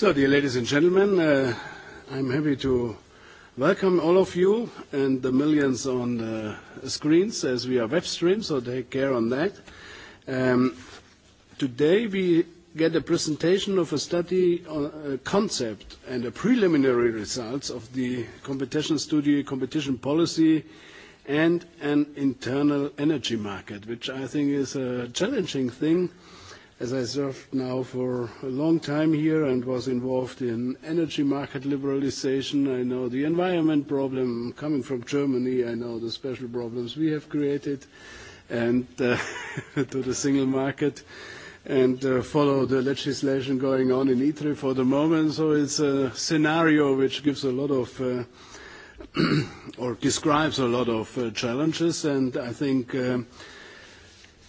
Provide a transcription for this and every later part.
So, dear ladies and gentlemen, I'm happy to welcome all of you and the millions on the screens as we are web stream, so take care on that. Today we get a presentation of a study on concept and the preliminary results of the competition study, competition policy and an internal energy market, which I think is a challenging thing as I served now for a long time here and was involved in energy market liberalization. I know the environment problem. Coming from Germany, I know the special problems we have created and to the single market and follow the legislation going on in ITRE for the moment. So it's a scenario which gives a lot of or describes a lot of challenges and I think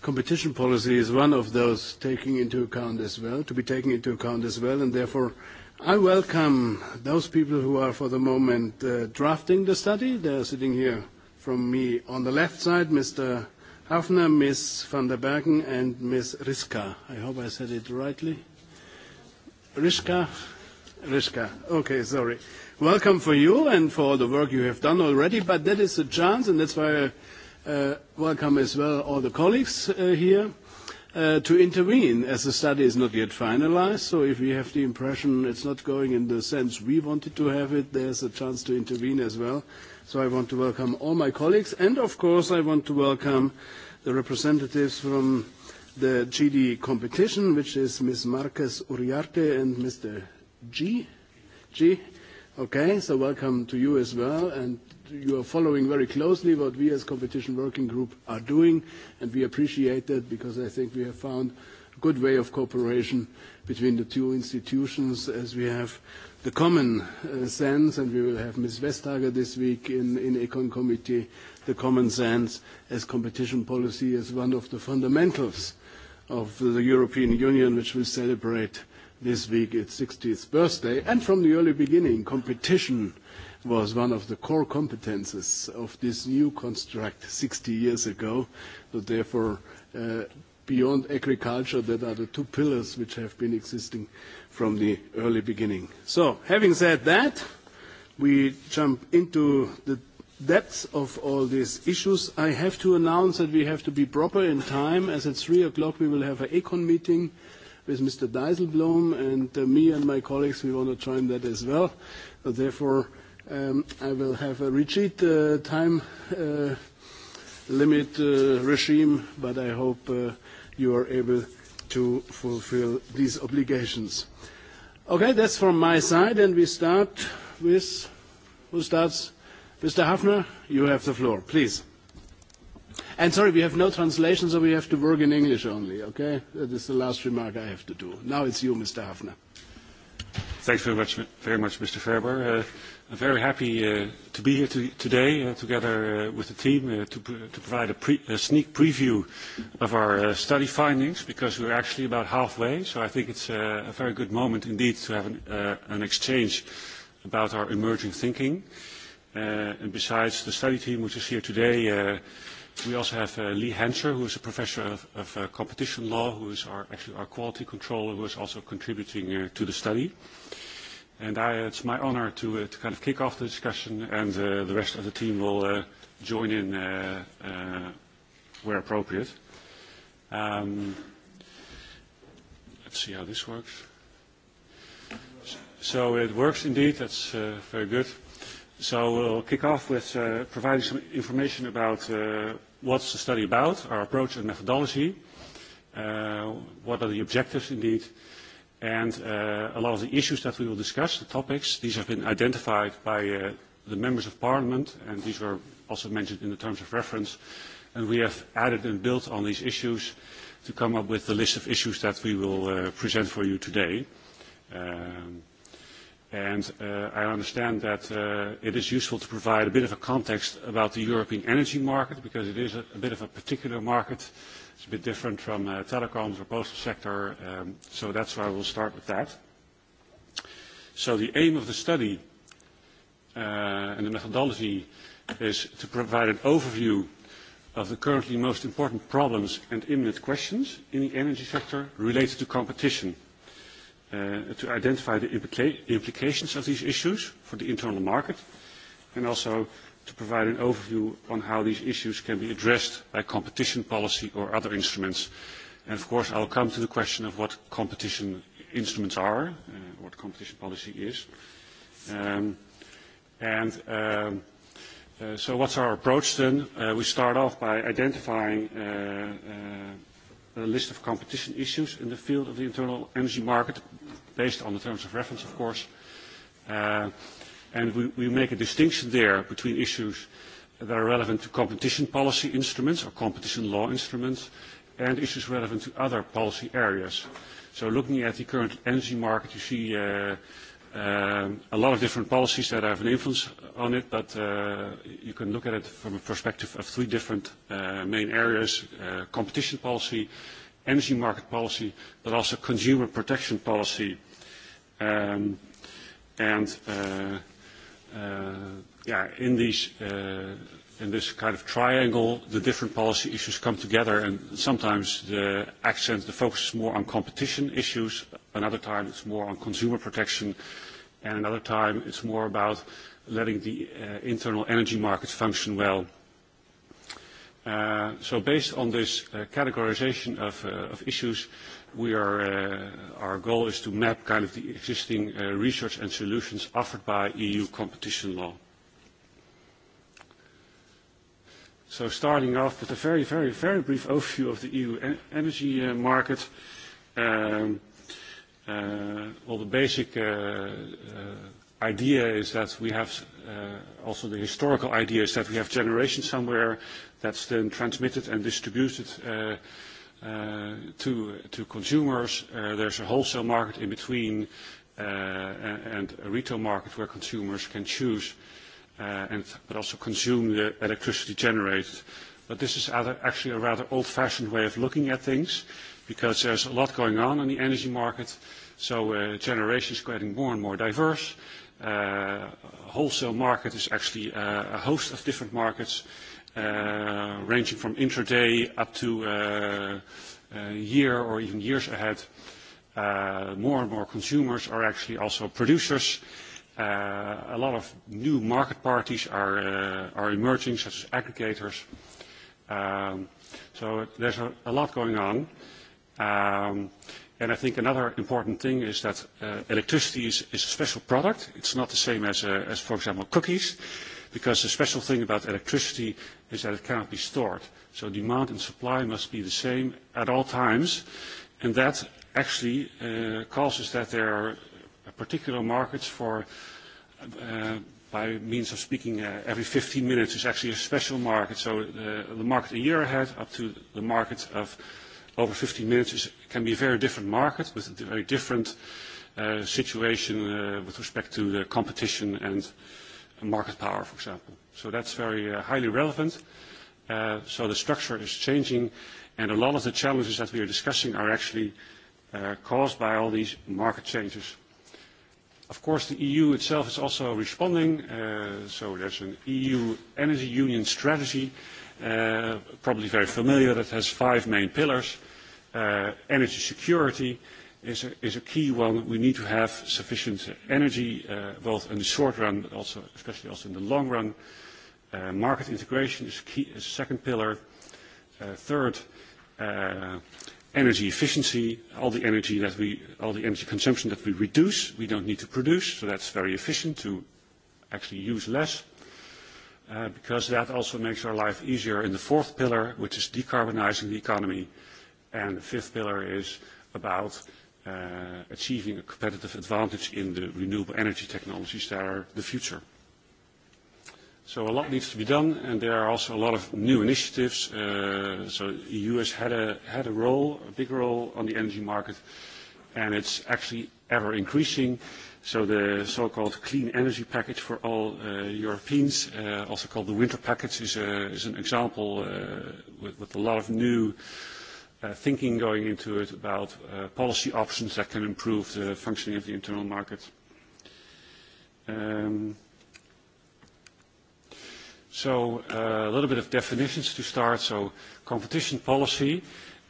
competition policy is one of those taking into account as well, to be taken into account as well, and therefore I welcome those people who are for the moment drafting the study. They are sitting here from me on the left side, Mr. Hafner, Ms. van der Bergen, and Ms. Riska. I hope I said it rightly. Riska? Riska. Okay, sorry. Welcome for you and for all the work you have done already, but that is a chance, and that's why welcome as well all the colleagues here to intervene as the study is not yet finalized. So if we have the impression it's not going in the sense we wanted to have it, there's a chance to intervene as well. So I want to welcome all my colleagues. And of course, I want to welcome the representatives from the GD competition, which is Ms. Marques Uriarte and Mr. G. G. Okay, so welcome to you as well. And you are following very closely what we as Competition Working Group are doing, and we appreciate that because I think we have found a good way of cooperation between the two institutions as we have the common sense, and we will have Ms. Vestager this week in the Econ Committee, the common sense as competition policy is one of the fundamentals of the European Union, which will celebrate this week its 60th birthday. And from the early beginning, competition was one of the core competences of this new construct 60 years ago. therefore, beyond agriculture, that are the two pillars which have been existing from the early beginning. So having said that, we jump into the depths of all these issues. I have to announce that we have to be proper in time, as at 3 o'clock we will have an ECON meeting with Mr. Dieselblom, and me and my colleagues, we want to join that as well. Therefore, I will have a rigid time limit regime, but I hope you are able to fulfill these obligations. Okay, that's from my side, and we start with who starts? Mr. Hafner, you have the floor, please. And sorry, we have no translation, so we have to work in English only, okay? That is the last remark I have to do. Now it's you, Mr. Hafner. Thanks very much, Mr. Ferber. I'm very happy to be here today together with the team to provide a sneak preview of our study findings because we're actually about halfway. So I think it's a very good moment indeed to have an exchange about our emerging thinking. And besides the study team which is here today, we also have Lee Hanser, who is a professor of competition law, who is actually our quality controller, who is also contributing to the study. And it's my honor to kind of kick off the discussion, and the rest of the team will join in where appropriate. Let's see how this works. So it works indeed. That's very good. So we'll kick off with providing some information about what's the study about, our approach and methodology, what are the objectives indeed, And a lot of the issues that we will discuss, the topics, these have been identified by the members of parliament, and these were also mentioned in the terms of reference. And we have added and built on these issues to come up with the list of issues that we will present for you today. And I understand that it is useful to provide a bit of a context about the European energy market, because it is a bit of a particular market It's a bit different from telecoms or postal sector, so that's why we'll start with that. So the aim of the study and the methodology is to provide an overview of the currently most important problems and imminent questions in the energy sector related to competition, to identify the implications of these issues for the internal market, and also to provide an overview on how these issues can be addressed by competition policy or other instruments. And of course, I'll come to the question of what competition instruments are, what competition policy is. And so what's our approach then? We start off by identifying a list of competition issues in the field of the internal energy market, based on the terms of reference, of course and we make a distinction there between issues that are relevant to competition policy instruments or competition law instruments and issues relevant to other policy areas. So looking at the current energy market, you see a lot of different policies that have an influence on it, but you can look at it from a perspective of three different main areas, competition policy, energy market policy, but also consumer protection policy. And yeah, in these in this kind of triangle, the different policy issues come together, and sometimes the accent, the focus is more on competition issues. Another time, it's more on consumer protection, and another time, it's more about letting the internal energy markets function well. So based on this categorization of issues, we are our goal is to map kind of the existing research and solutions offered by EU competition law. So starting off with a very, very, very brief overview of the EU energy market. Well, the basic idea is that we have also the historical idea is that we have generation somewhere that's then transmitted and distributed to consumers. There's a wholesale market in between and a retail market where consumers can choose and but also consume the electricity generated. But this is actually a rather old-fashioned way of looking at things because there's a lot going on in the energy market. So generation is getting more and more diverse. Wholesale market is actually a host of different markets ranging from intraday up to a year or even years ahead. More and more consumers are actually also producers. A lot of new market parties are emerging, such as aggregators. So there's a lot going on. And I think another important thing is that electricity is a special product. It's not the same as, for example, cookies because the special thing about electricity is that it cannot be stored. So demand and supply must be the same at all times, and that actually causes that there are particular markets for, by means of speaking, every 15 minutes is actually a special market. So the market a year ahead up to the market of over 15 minutes can be a very different market with a very different situation with respect to the competition and market power, for example. So that's very highly relevant. So the structure is changing, and a lot of the challenges that we are discussing are actually caused by all these market changes. Of course, the EU itself is also responding. So there's an EU energy union strategy, probably very familiar, that has five main pillars: energy security is a key one. We need to have sufficient energy, both in the short run, but also especially also in the long run. Market integration is key, is a second pillar. Third, energy efficiency. All the energy that we, all the energy consumption that we reduce, we don't need to produce, so that's very efficient to actually use less, because that also makes our life easier. In the fourth pillar, which is decarbonizing the economy, and the fifth pillar is about achieving a competitive advantage in the renewable energy technologies that are the future. So a lot needs to be done, and there are also a lot of new initiatives. So the EU has had a role, a big role, on the energy market, and it's actually ever increasing. So the so-called clean energy package for all Europeans, also called the winter package, is an example with a lot of new thinking going into it about policy options that can improve the functioning of the internal market. So a little bit of definitions to start. So competition policy,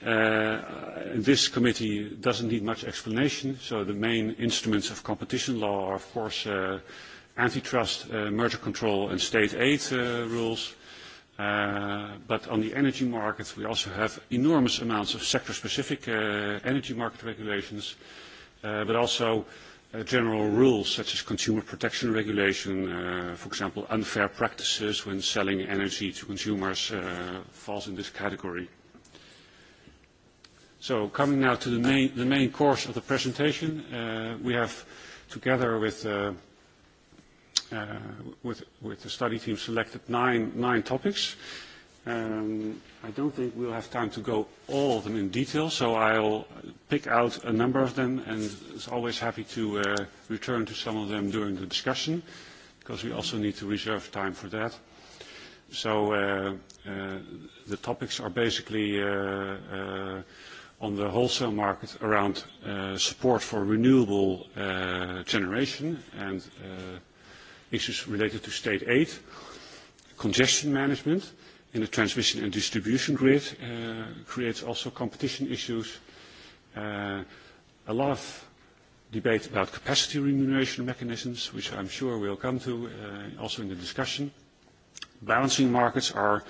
this committee doesn't need much explanation. So the main instruments of competition law are, of course, antitrust, merger control, and state aid rules. But on the energy markets, we also have enormous amounts of sector-specific energy market regulations, but also general rules such as consumer protection regulation, for example, unfair practices when selling energy to consumers falls in this category. So coming now to the main course of the presentation, we have, together with with with the study team selected nine nine topics. I don't think we'll have time to go all of them in detail, so I'll pick out a number of them and is always happy to return to some of them during the discussion, because we also need to reserve time for that. So the topics are basically on the wholesale market around support for renewable generation and issues related to state aid, congestion management in the transmission and distribution grid creates also competition issues, a lot of debate about capacity remuneration mechanisms, which I'm sure we'll come to also in the discussion. Balancing markets are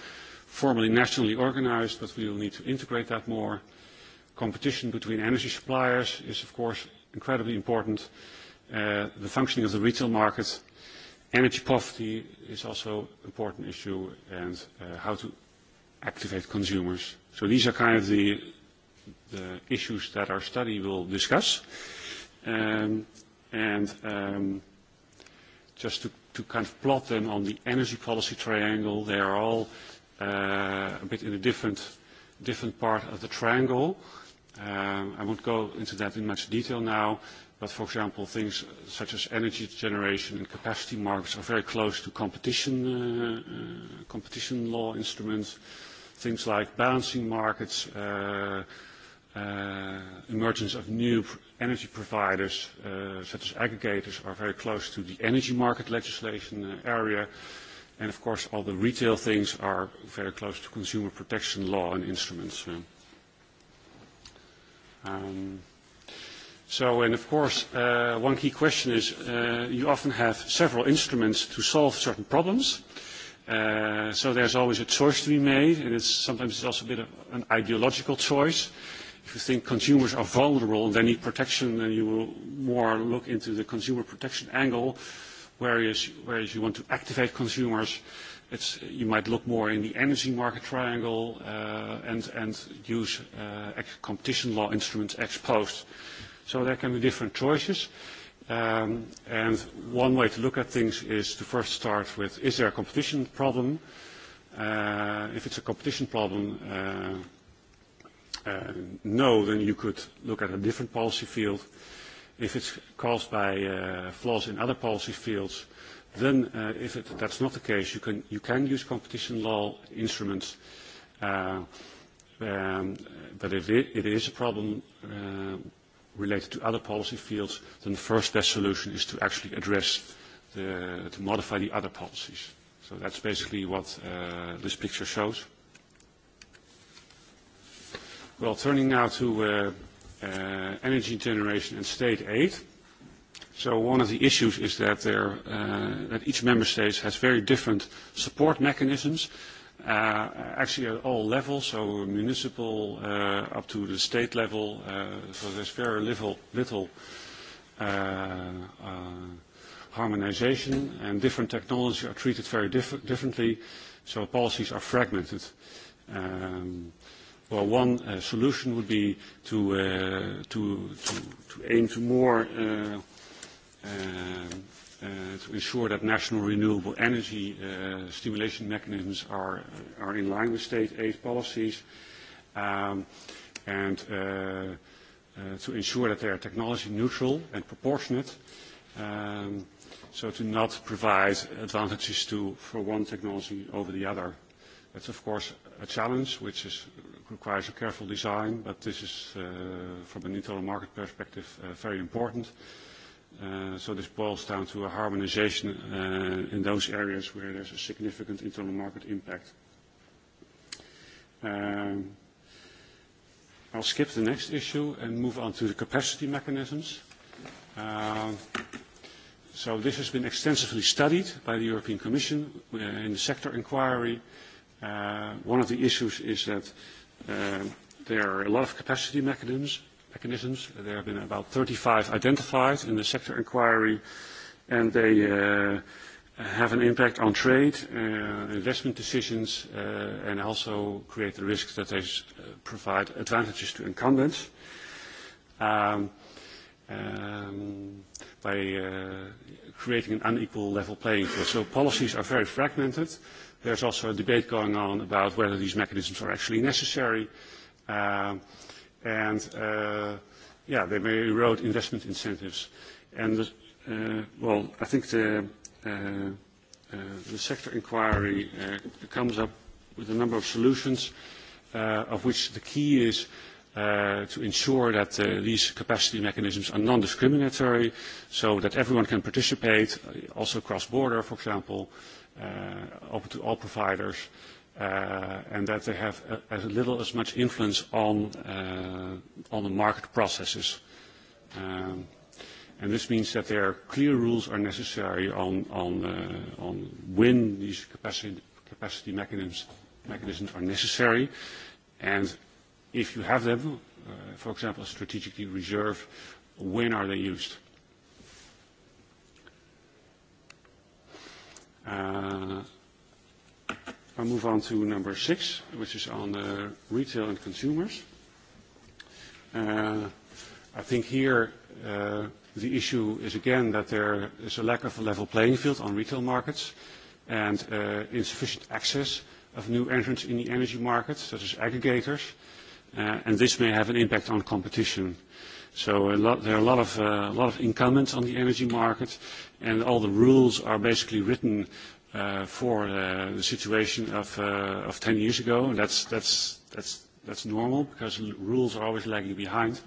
formally nationally organized, but we will need to integrate that more. Competition between energy suppliers is, of course, incredibly important. The functioning of the retail market Energy poverty is also an important issue and how to activate consumers. So these are kind of the issues that our study will discuss. And just to kind of plot them on the energy policy triangle, they are all a bit in a different part of the triangle. I won't go into that in much detail now. But for example, things such as energy generation and capacity markets are very close to competition competition law instruments. Things like balancing markets, emergence of new energy providers such as aggregators are very close to the energy market legislation area. And, of course, all the retail things are very close to consumer protection law and instruments. So, and of course, one key question is you often have several instruments to solve certain problems. So there's always a choice to be made, and it's sometimes it's also a bit of an ideological choice. If you think consumers are vulnerable and they need protection, then you will more look into the consumer protection angle, whereas you want to activate consumers, you might look more in the energy market triangle and use competition law instruments exposed. So there can be different choices. And one way to look at things is to first start with, is there a competition problem? If it's a competition problem, no, then you could look at a different policy field. If it's caused by flaws in other policy fields, then if that's not the case, you can use competition law instruments. But if it is a problem related to other policy fields, then the first best solution is to actually address, the, to modify the other policies. So that's basically what this picture shows. Well, turning now to energy generation and state aid. So one of the issues is that, there, that each member state has very different support mechanisms actually at all levels, so municipal up to the state level. So there's very little little harmonization, and different technologies are treated very differently, so policies are fragmented. Well, one solution would be to to to aim to more to ensure that national renewable energy stimulation mechanisms are are in line with state aid policies and to ensure that they are technology neutral and proportionate so to not provide advantages to for one technology over the other. That's of course a challenge which is requires a careful design, but this is from an internal market perspective very important. So this boils down to a harmonization in those areas where there's a significant internal market impact. I'll skip the next issue and move on to the capacity mechanisms. So this has been extensively studied by the European Commission in the sector inquiry. One of the issues is that there are a lot of capacity mechanisms mechanisms. There have been about 35 identified in the sector inquiry, and they have an impact on trade, investment decisions, and also create the risk that they provide advantages to incumbents. By creating an unequal level playing field. So policies are very fragmented. There's also a debate going on about whether these mechanisms are actually necessary and yeah, they may erode investment incentives. And well, I think the the sector inquiry comes up with a number of solutions, of which the key is to ensure that these capacity mechanisms are non-discriminatory, so that everyone can participate, also cross-border, for example, open to all providers and that they have as little as much influence on on the market processes. And this means that there are clear rules are necessary on on on when these capacity capacity mechanisms mechanisms are necessary, and if you have them, for example, strategically reserved, when are they used? I move on to number six, which is on retail and consumers. I think here the issue is again that there is a lack of a level playing field on retail markets and insufficient access of new entrants in the energy markets, such as aggregators, and this may have an impact on competition. So there are a lot of incumbents on the energy market, and all the rules are basically written for the situation of 10 years ago. And that's, that's, that's, that's normal because rules are always lagging behind.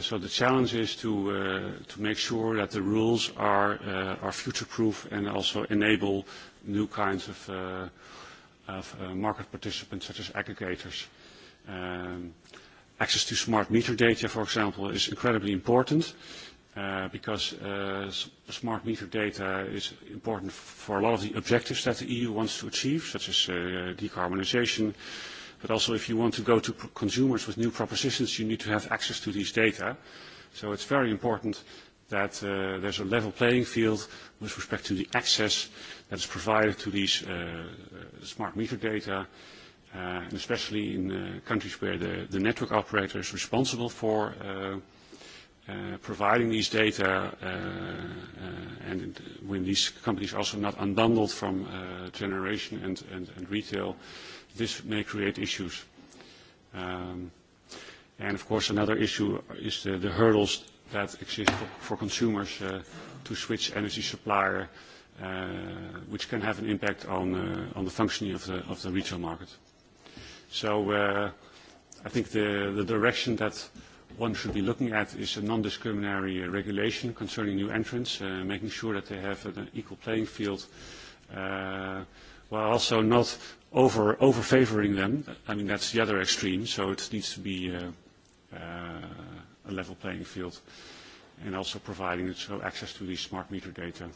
So the challenge is to to make sure that the rules are are future-proof and also enable new kinds of of market participants such as aggregators. Access to smart meter data, for example, is incredibly important because smart meter data is important for a lot of the objectives that the EU wants to achieve, such as decarbonisation. But also if you want to go to consumers with new propositions, you need to have access to these data. So it's very important that there's a level playing field with respect to the access that is provided to these smart meter data, and especially in countries where the network operator is responsible for providing these data and when these companies are also not unbundled from generation and and retail, this may create issues. And of course another issue is the hurdles that exist for consumers to switch energy supplier, which can have an impact on on the functioning of the of the retail market. So I think the direction that one should be looking at is a non-discriminatory regulation concerning new entrants, making sure that they have an equal playing field, while also not over-favoring them. I mean, that's the other extreme, so it needs to be a level playing field, and also providing so access to these smart meter data.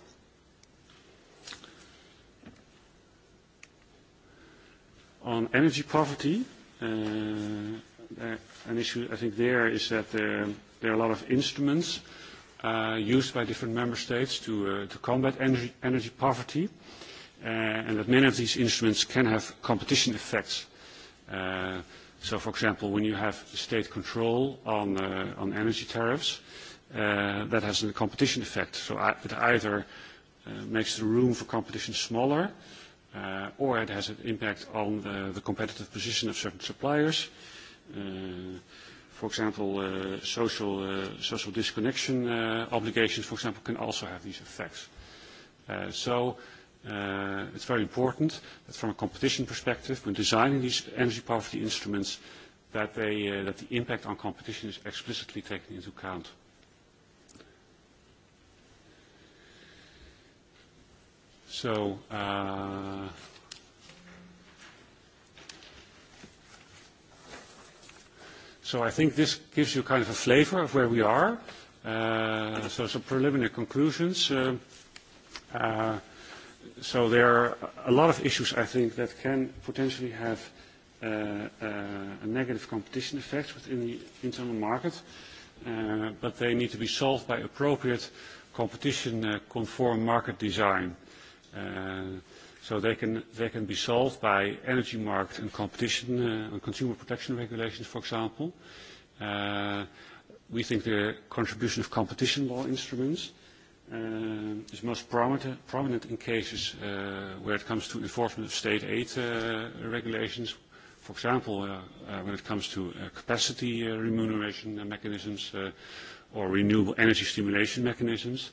On energy poverty, An issue I think there is that there are a lot of instruments used by different member states to combat energy poverty, and that many of these instruments can have competition effects. So, for example, when you have state control on energy tariffs, that has a competition effect. So it either makes the room for competition smaller, or it has an impact on the competitive position of certain suppliers For example, social social disconnection obligations, for example, can also have these effects. So it's very important that from a competition perspective, when designing these energy poverty instruments, that they that the impact on competition is explicitly taken into account. So. So I think this gives you kind of a flavor of where we are. So some preliminary conclusions. So there are a lot of issues, I think, that can potentially have a negative competition effect within the internal market, but they need to be solved by appropriate competition-conform market design. So they can they can be solved by energy market and competition and consumer protection regulations, for example. We think the contribution of competition law instruments is most prominent in cases where it comes to enforcement of state aid regulations, for example, when it comes to capacity remuneration mechanisms or renewable energy stimulation mechanisms.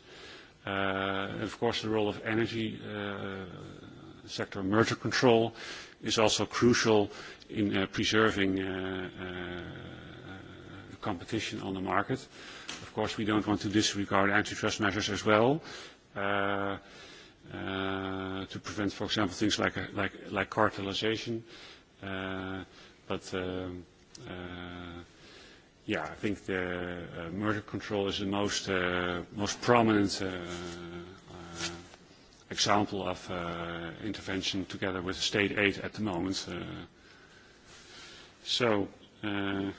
And of course, the role of energy sector merger control is also crucial in preserving uh uh competition on the market. Of course, we don't want to disregard antitrust measures as well uh uh to prevent, for example, things like like like cartelization. But uh yeah, I think the merger control is the most most prominent example of intervention together with state aid at the moment. So uh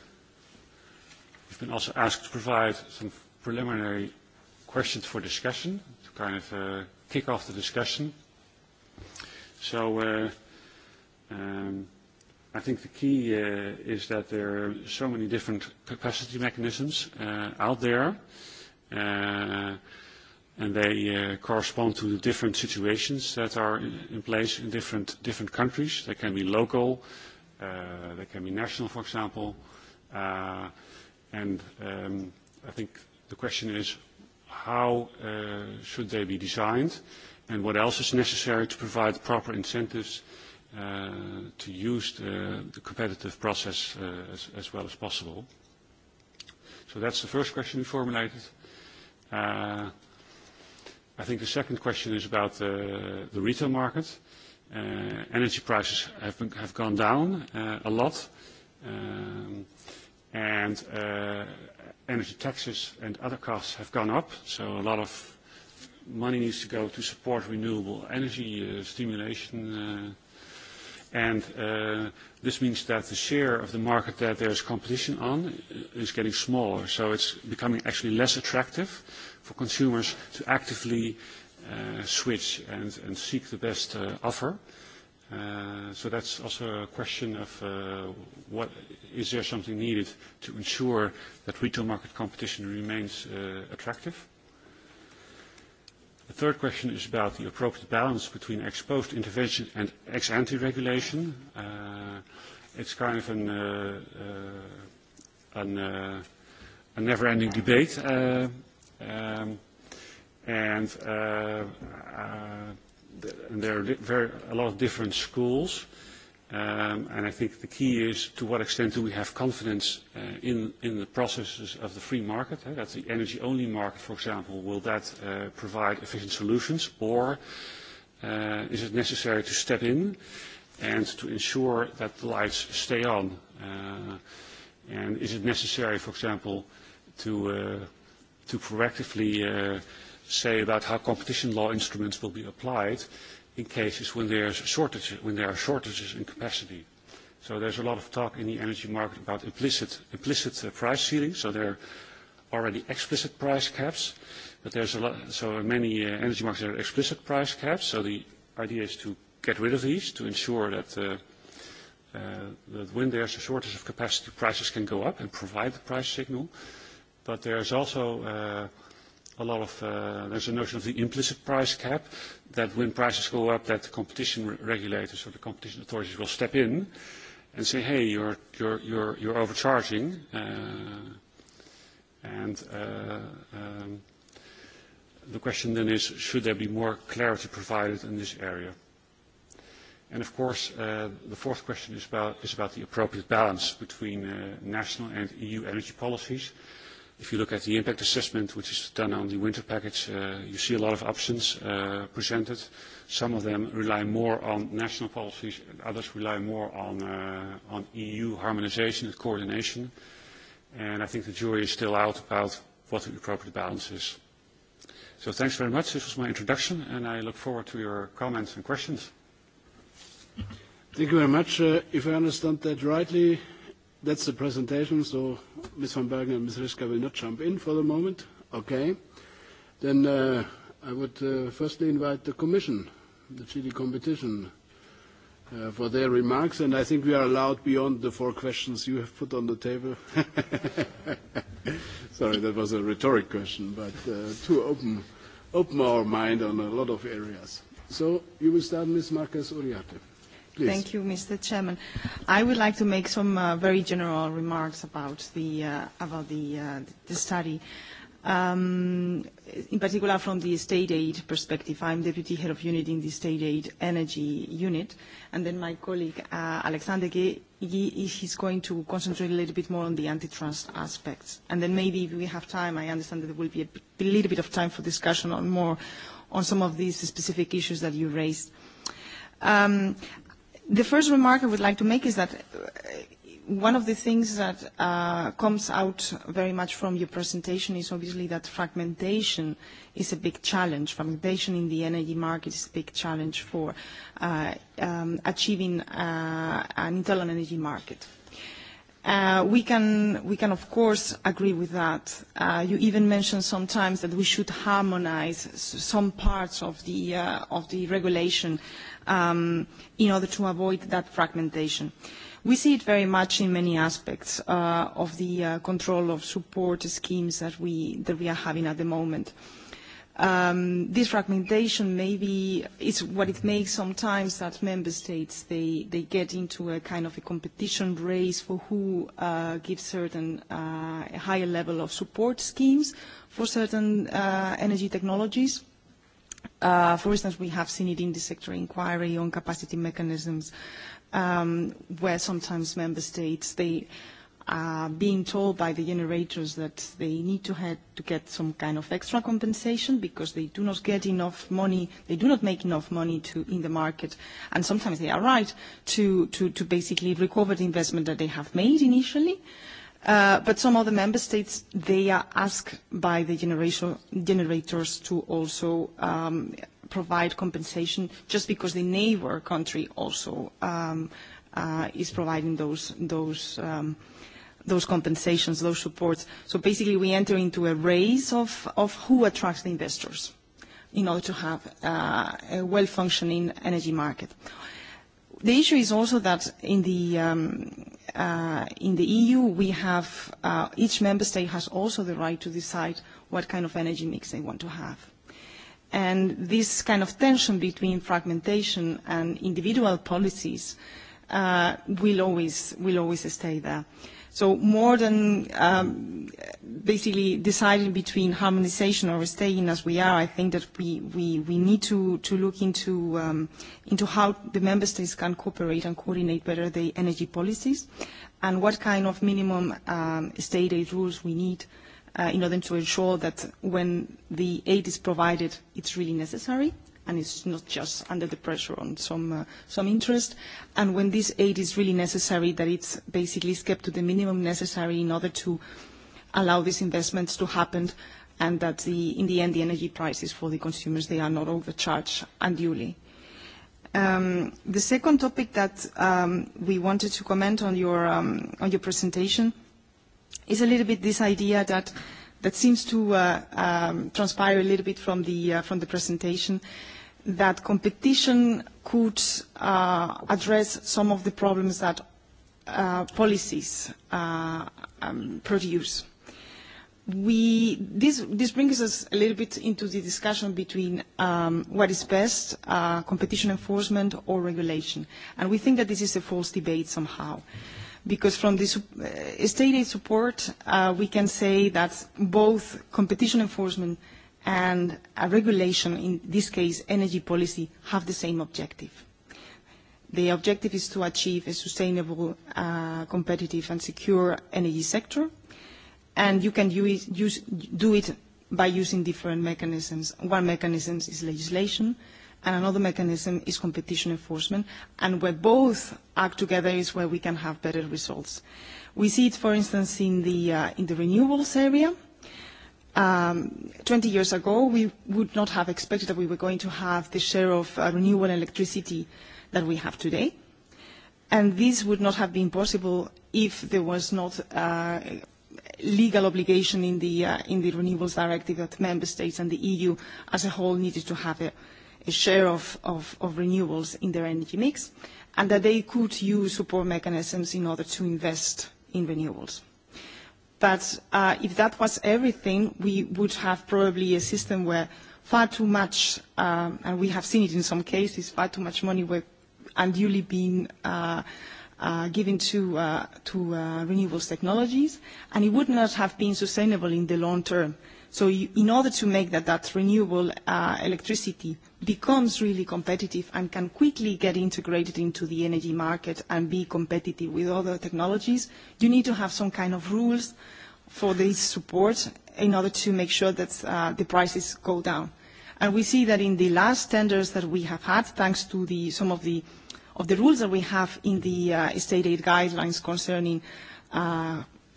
we've been also asked to provide some preliminary questions for discussion to kind of kick off the discussion. So uh um I think the key is that there are so many different capacity mechanisms out there and they correspond to the different situations that are in place in different different countries. They can be local, uh they can be national, for example. Uh And um I think the question is how should they be designed and what else is necessary to provide proper incentives uh to use the competitive process as well as possible. So that's the first question we formulated. I think the second question is about the retail market. Energy prices have gone down a lot, and energy taxes and other costs have gone up, so a lot of money needs to go to support renewable energy stimulation. And this means that the share of the market that there's competition on is getting smaller, so it's becoming actually less attractive for consumers to actively switch and seek the best offer. So that's also a question of what is there something needed to ensure that retail market competition remains attractive. The third question is about the appropriate balance between exposed intervention and ex-ante regulation. It's kind of a never-ending debate and there are a lot of different schools. And I think the key is to what extent do we have confidence in the processes of the free market, that the energy-only market, for example, will that provide efficient solutions, or is it necessary to step in and to ensure that the lights stay on? And is it necessary, for example, to to proactively say about how competition law instruments will be applied in cases when when there are shortages in capacity. So there's a lot of talk in the energy market about implicit price ceilings, so there are already explicit price caps, but there's a lot, so many energy markets are explicit price caps, so the idea is to get rid of these to ensure that when there's a shortage of capacity, prices can go up and provide the price signal. But there is also a lot of, there's a notion of the implicit price cap, that when prices go up, that the competition regulators or the competition authorities will step in and say, hey, you're, you're, you're, you're overcharging. and the question then is, should there be more clarity provided in this area? And of course, the fourth question is about the appropriate balance between national and EU energy policies. If you look at the impact assessment, which is done on the winter package, you see a lot of options presented. Some of them rely more on national policies, and others rely more on EU harmonization and coordination. And I think the jury is still out about what the appropriate balance is. So thanks very much. This was my introduction, and I look forward to your comments and questions. Thank you very much. If I understand that rightly, That's the presentation, so Ms. van Bergen and Ms. Riska will not jump in for the moment. Okay. Then I would firstly invite the Commission, the Chile Competition, for their remarks, and I think we are allowed beyond the four questions you have put on the table. Sorry, that was a rhetoric question, but to open our mind on a lot of areas. So you will start, Ms. Marquez Uriarte. Thank you, Mr. Chairman. I would like to make some very general remarks about the about the study, in particular from the state aid perspective. I'm deputy head of unit in the state aid energy unit, and then my colleague Alexander is going to concentrate a little bit more on the antitrust aspects. And then maybe if we have time, I understand that there will be a little bit of time for discussion on more on some of these specific issues that you raised. The first remark I would like to make is that one of the things that comes out very much from your presentation is obviously that fragmentation is a big challenge. Fragmentation in the energy market is a big challenge for achieving an internal energy market. We can, we can of course agree with that. You even mentioned sometimes that we should harmonise some parts of the of the regulation in order to avoid that fragmentation. We see it very much in many aspects of the control of support schemes that we are having at the moment. This fragmentation maybe is what it makes sometimes that member states they get into a kind of a competition race for who gives certain higher level of support schemes for certain energy technologies For instance, we have seen it in the sector inquiry on capacity mechanisms, where sometimes member states, they are being told by the generators that they need to get some kind of extra compensation because they do not get enough money, they do not make enough money in the market, and sometimes they are right to basically recover the investment that they have made initially But some other member states, they are asked by the generators to also provide compensation just because the neighbor country also is providing those those compensations, those supports. So basically we enter into a race of who attracts the investors in order to have a well-functioning energy market. The issue is also that in the in the EU, we have each member state has also the right to decide what kind of energy mix they want to have. And this kind of tension between fragmentation and individual policies will always stay there. So more than basically deciding between harmonisation or staying as we are, I think that we we need to to look into into how the member states can cooperate and coordinate better their energy policies, and what kind of minimum state aid rules we need in order to ensure that when the aid is provided, it's really necessary and it's not just under the pressure on some some interest, and when this aid is really necessary, that it's basically kept to the minimum necessary in order to allow these investments to happen, and that in the end the energy prices for the consumers they are not overcharged unduly. The second topic that we wanted to comment on your on your presentation is a little bit this idea that that seems to transpire a little bit from the from the presentation that competition could address some of the problems that policies produce. We this this brings us a little bit into the discussion between what is best, competition enforcement or regulation, and we think that this is a false debate somehow because from this state aid support we can say that both competition enforcement and regulation, in this case energy policy, have the same objective. The objective is to achieve a sustainable, competitive and secure energy sector, and you can do it by using different mechanisms. One mechanism is legislation, and another mechanism is competition enforcement, and where both act together is where we can have better results. We see it, for instance, in the in the renewables area. 20 years ago, we would not have expected that we were going to have the share of renewable electricity that we have today, and this would not have been possible if there was not a legal obligation in the Renewables Directive that member states and the EU as a whole needed to have a share of renewables in their energy mix, and that they could use support mechanisms in order to invest in renewables. But if that was everything, we would have probably a system where far too much, and we have seen it in some cases, far too much money were unduly being given to renewables technologies, and it would not have been sustainable in the long term So in order to make that that renewable electricity becomes really competitive and can quickly get integrated into the energy market and be competitive with other technologies, you need to have some kind of rules for this support in order to make sure that the prices go down. And we see that in the last tenders that we have had, thanks to some of the of the rules that we have in the state aid guidelines concerning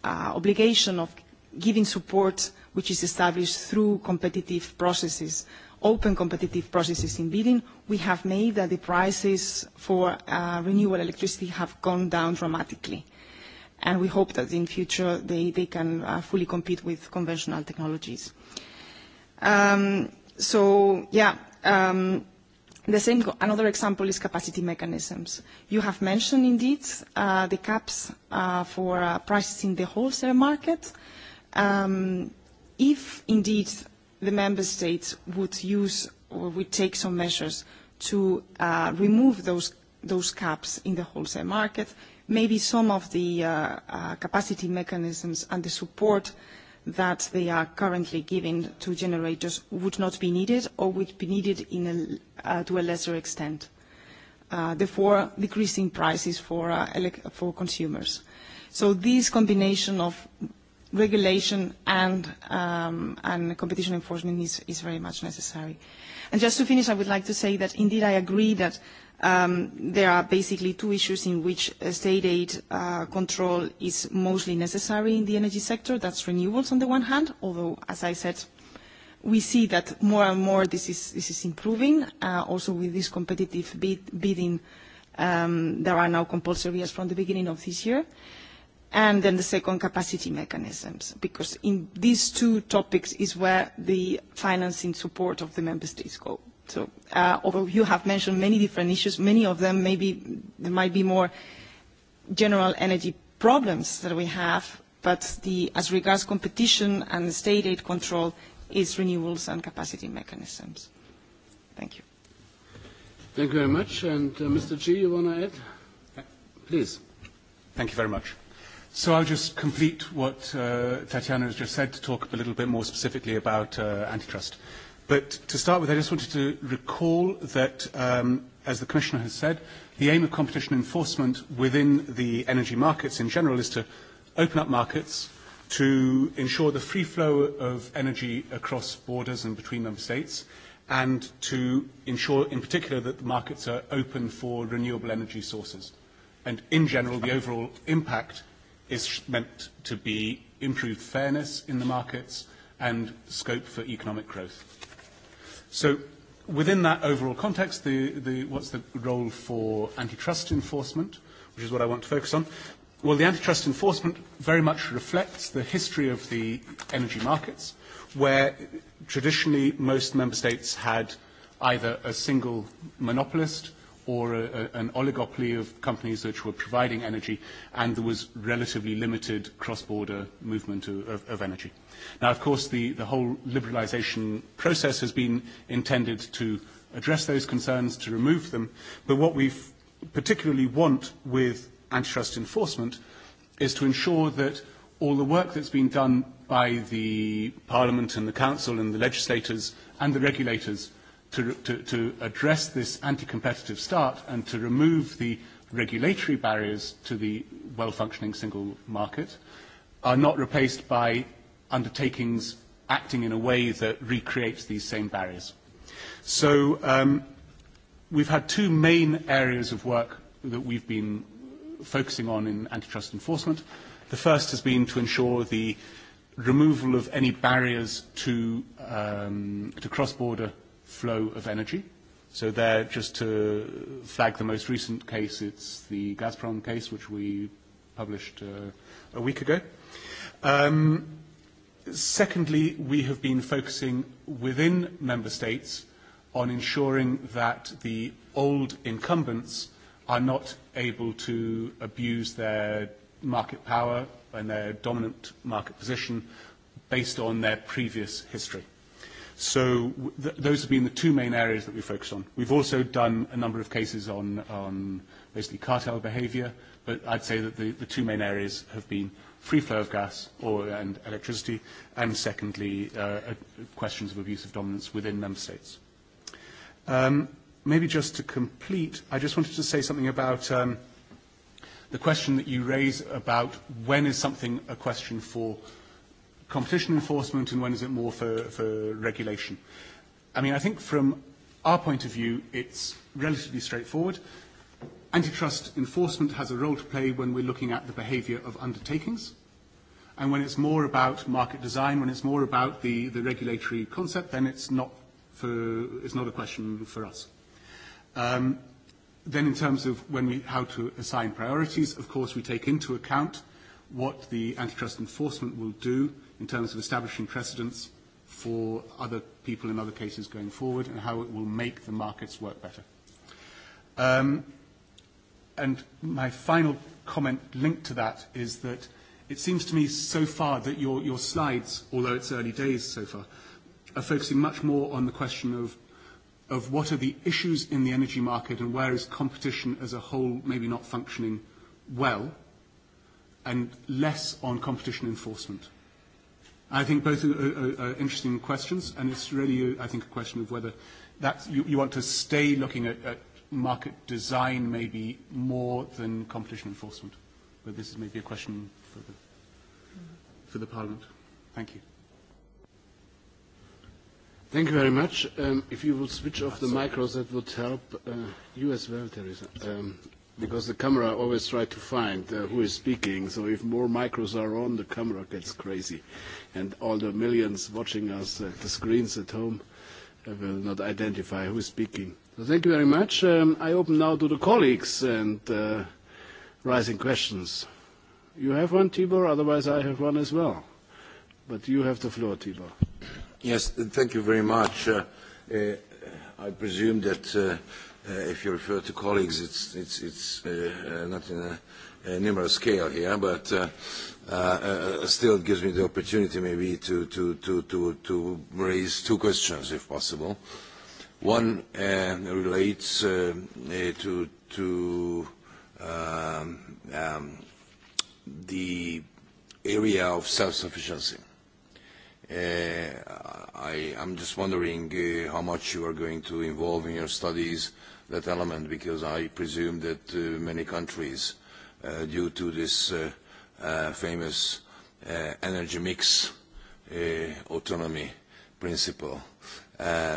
obligation of giving support which is established through competitive processes, open competitive processes in bidding, we have made that the prices for renewable electricity have gone down dramatically. And we hope that in future they can fully compete with conventional technologies. So, yeah, the same. Another example is capacity mechanisms. You have mentioned indeed the caps for prices in the wholesale market if indeed the member states would use or would take some measures to remove those those caps in the wholesale market, maybe some of the capacity mechanisms and the support that they are currently giving to generators would not be needed or would be needed to a lesser extent, therefore decreasing prices for consumers. So this combination of regulation and competition enforcement is very much necessary. And just to finish, I would like to say that indeed I agree that there are basically two issues in which state aid control is mostly necessary in the energy sector. That's renewables on the one hand, although, as I said, we see that more and more this is improving. Also with this competitive bidding, there are now compulsory as from the beginning of this year and then the second capacity mechanisms because in these two topics is where the financing support of the member states go so although you have mentioned many different issues many of them maybe there might be more general energy problems that we have but the as regards competition and state aid control is renewables and capacity mechanisms thank you thank you very much and mr g you want to add please thank you very much So I'll just complete what Tatiana has just said to talk a little bit more specifically about antitrust. But to start with, I just wanted to recall that, as the Commissioner has said, the aim of competition enforcement within the energy markets in general is to open up markets, to ensure the free flow of energy across borders and between member states, and to ensure in particular that the markets are open for renewable energy sources. And in general, the overall impact is meant to be improved fairness in the markets and scope for economic growth. So within that overall context, the, the, what's the role for antitrust enforcement, which is what I want to focus on? Well, the antitrust enforcement very much reflects the history of the energy markets, where traditionally most member states had either a single monopolist or an oligopoly of companies which were providing energy, and there was relatively limited cross-border movement of energy. Now, of course, the whole liberalisation process has been intended to address those concerns, to remove them, but what we particularly want with antitrust enforcement is to ensure that all the work that's been done by the Parliament and the Council and the legislators and the regulators to address this anti-competitive start and to remove the regulatory barriers to the well-functioning single market are not replaced by undertakings acting in a way that recreates these same barriers. So we've had two main areas of work that we've been focusing on in antitrust enforcement. The first has been to ensure the removal of any barriers to cross-border flow of energy. So there, just to flag the most recent case, it's the Gazprom case, which we published a week ago. Secondly, we have been focusing within member states on ensuring that the old incumbents are not able to abuse their market power and their dominant market position based on their previous history. So those have been the two main areas that we focused on. We've also done a number of cases on basically cartel behavior, but I'd say that the two main areas have been free flow of gas and electricity, and secondly, questions of abuse of dominance within member states. Maybe just to complete, I just wanted to say something about the question that you raise about when is something a question for competition enforcement and when is it more for, for regulation. I mean, I think from our point of view, it's relatively straightforward. Antitrust enforcement has a role to play when we're looking at the behaviour of undertakings. And when it's more about market design, when it's more about the, the regulatory concept, then it's not, for, it's not a question for us. then in terms of when we, how to assign priorities, of course we take into account what the antitrust enforcement will do in terms of establishing precedents for other people in other cases going forward and how it will make the markets work better. And my final comment linked to that is that it seems to me so far that your, your slides, although it's early days so far, are focusing much more on the question of, of what are the issues in the energy market and where is competition as a whole maybe not functioning well, and less on competition enforcement. I think both are interesting questions, and it's really, I think, a question of whether that's, you want to stay looking at market design maybe more than competition enforcement. But this is maybe a question for the for the Parliament. Thank you. Thank you very much. If you will switch off the micros, that would help you as well, Teresa because the camera always tries to find who is speaking. So if more micros are on, the camera gets crazy. And all the millions watching us at the screens at home will not identify who is speaking. So thank you very much. I open now to the colleagues and rising questions. You have one, Tibor. Otherwise, I have one as well. But you have the floor, Tibor. Yes, thank you very much. I presume that if you refer to colleagues, it's, it's, it's not in a, a numerous scale here, but uh, uh, still it gives me the opportunity maybe to, to, to, to, to raise two questions, if possible. One uh, relates uh, to, to um, the area of self-sufficiency. Uh, I, I'm just wondering uh, how much you are going to involve in your studies that element because I presume that many countries, due to this famous energy mix autonomy principle,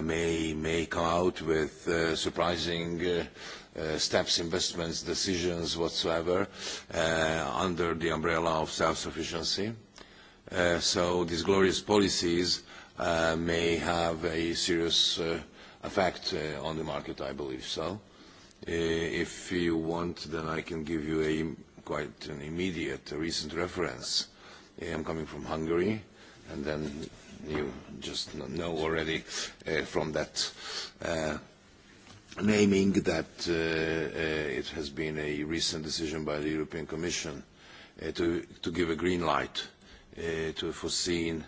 may may come out with surprising steps, investments, decisions whatsoever under the umbrella of self-sufficiency. So these glorious policies may have a serious effect on the market, I believe so. If you want, then I can give you a quite an immediate recent reference. I'm coming from Hungary, and then you just know already from that naming that it has been a recent decision by the European Commission to give a green light to a foreseen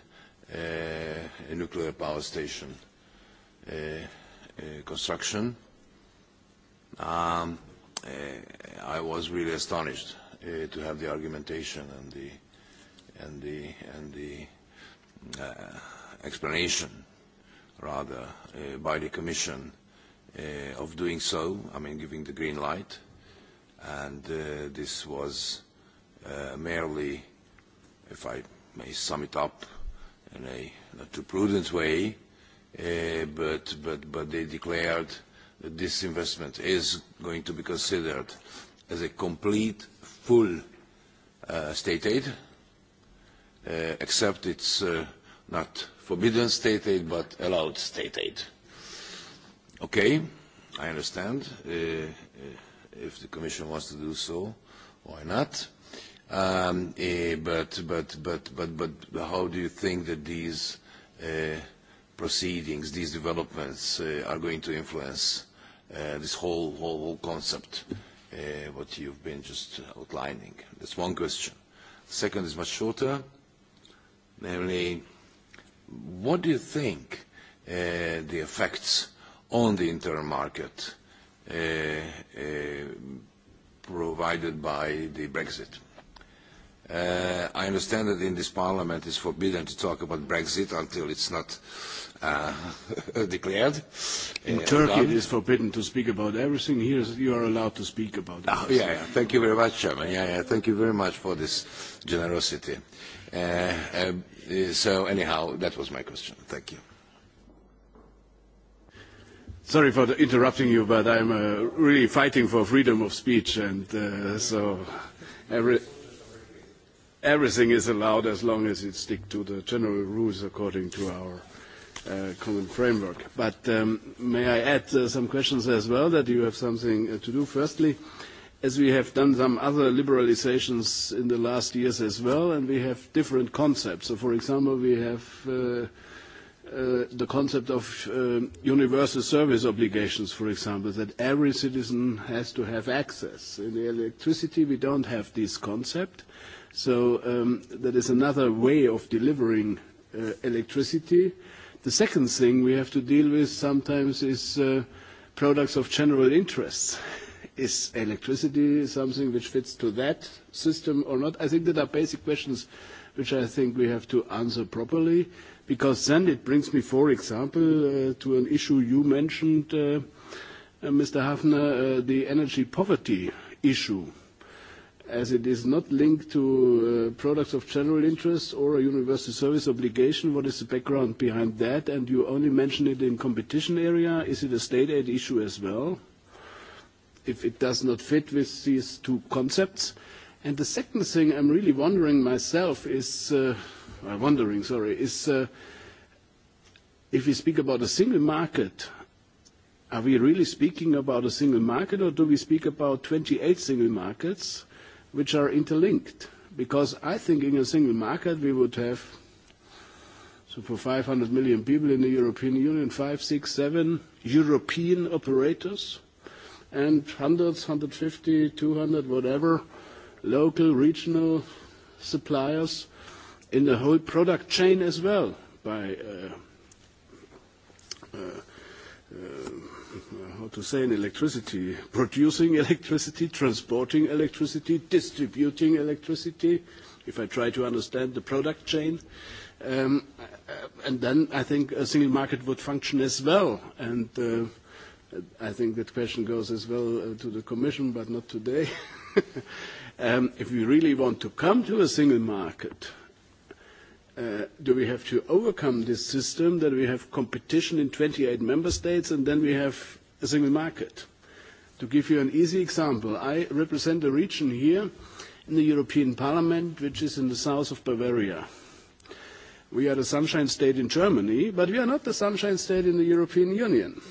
nuclear power station construction. I was really astonished to have the argumentation and the and the and the explanation rather by the Commission of doing so, I mean giving the green light, and this was merely, if I may sum it up in a not too prudent way, but they declared that this investment is going to be considered as a complete, full state aid, except it's not forbidden state aid but allowed state aid. Okay, I understand. If the Commission wants to do so, why not? but how do you think that these proceedings, these developments are going to influence this whole whole concept, what you've been just outlining. That's one question. The second is much shorter, namely, what do you think the effects on the internal market provided by the Brexit? I understand that in this Parliament it is forbidden to talk about Brexit until it's not declared. In Turkey it is forbidden to speak about everything. Here you are allowed to speak about everything. Yeah, thank you very much, Chairman. Yeah, yeah, thank you very much for this generosity. So anyhow, that was my question. Thank you. Sorry for interrupting you, but I'm really fighting for freedom of speech, and so every everything is allowed as long as it stick to the general rules according to our common framework. But may I add some questions as well that you have something to do. Firstly, as we have done some other liberalizations in the last years as well, and we have different concepts. So, for example, we have the concept of universal service obligations, for example, that every citizen has to have access. In electricity, we don't have this concept. So that is another way of delivering electricity. The second thing we have to deal with sometimes is products of general interest. Is electricity something which fits to that system or not? I think that are basic questions which I think we have to answer properly, because then it brings me, for example, to an issue you mentioned, Mr. Hafner, the energy poverty issue as it is not linked to products of general interest or a universal service obligation. What is the background behind that? And you only mention it in competition area. Is it a state aid issue as well? If it does not fit with these two concepts. And the second thing I'm really wondering myself is, wondering, sorry, is if we speak about a single market, are we really speaking about a single market or do we speak about 28 single markets? which are interlinked. Because I think in a single market we would have, so for 500 million people in the European Union, five, six, seven European operators and hundreds, 150, 200, whatever, local, regional suppliers in the whole product chain as well by how to say in electricity, producing electricity, transporting electricity, distributing electricity, if I try to understand the product chain. And then I think a single market would function as well. And I think that question goes as well to the Commission, but not today. If we really want to come to a single market, do we have to overcome this system that we have competition in 28 member states and then we have a single market? To give you an easy example, I represent a region here in the European Parliament which is in the south of Bavaria. We are the sunshine state in Germany, but we are not the sunshine state in the European Union.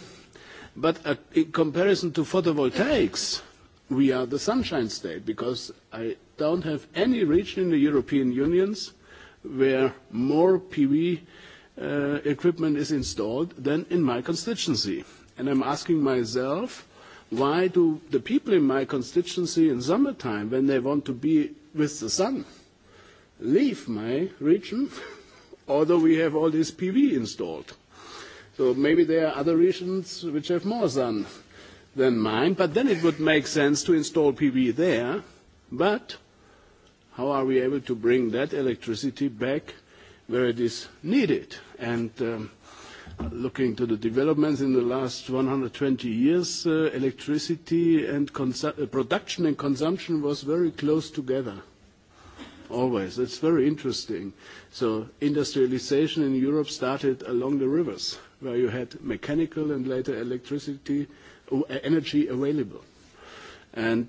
But in comparison to photovoltaics, we are the sunshine state because I don't have any region in the European Unions where more PV equipment is installed than in my constituency. And I'm asking myself, why do the people in my constituency in summertime, when they want to be with the sun, leave my region, although we have all this PV installed? So maybe there are other regions which have more sun than mine, but then it would make sense to install PV there. But how are we able to bring that electricity back where it is needed? And looking to the developments in the last 120 years, electricity and production and consumption was very close together. Always. It's very interesting. So industrialization in Europe started along the rivers, where you had mechanical and later electricity, energy available. And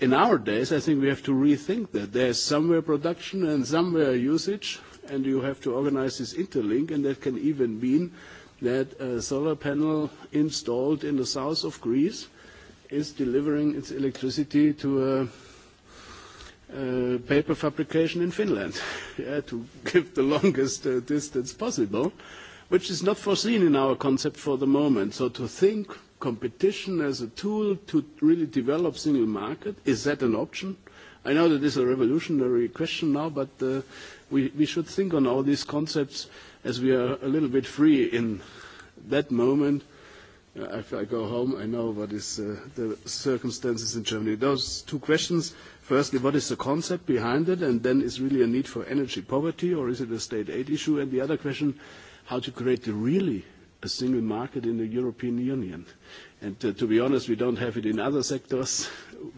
in our days, I think we have to rethink that. There is somewhere production and somewhere usage, and you have to organize this interlink, and that can even mean that a solar panel installed in the south of Greece is delivering its electricity to a paper fabrication in Finland, to give the longest distance possible, which is not foreseen in our concept for the moment. So to think competition as a tool to really develop single market? Is that an option? I know that is a revolutionary question now, but we should think on all these concepts as we are a little bit free in that moment. If I go home, I know what is the circumstances in Germany. Those two questions. Firstly, what is the concept behind it? And then is really a need for energy poverty or is it a state aid issue? And the other question, how to create the really a single market in the European Union. And to be honest, we don't have it in other sectors.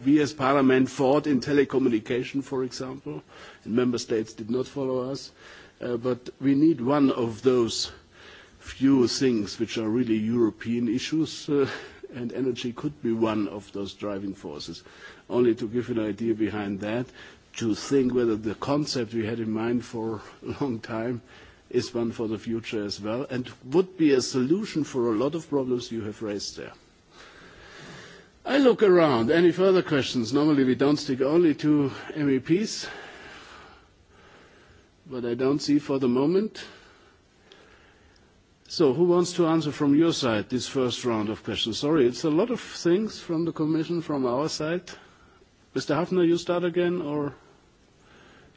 We as Parliament fought in telecommunication, for example, and member states did not follow us. But we need one of those few things which are really European issues, and energy could be one of those driving forces. Only to give an idea behind that, to think whether the concept we had in mind for a long time is one for the future as well and would be a solution for a lot of problems you have raised there. I look around. Any further questions? Normally we don't stick only to MEPs, but I don't see for the moment. So who wants to answer from your side this first round of questions? Sorry, it's a lot of things from the Commission, from our side. Mr. Hafner, you start again, or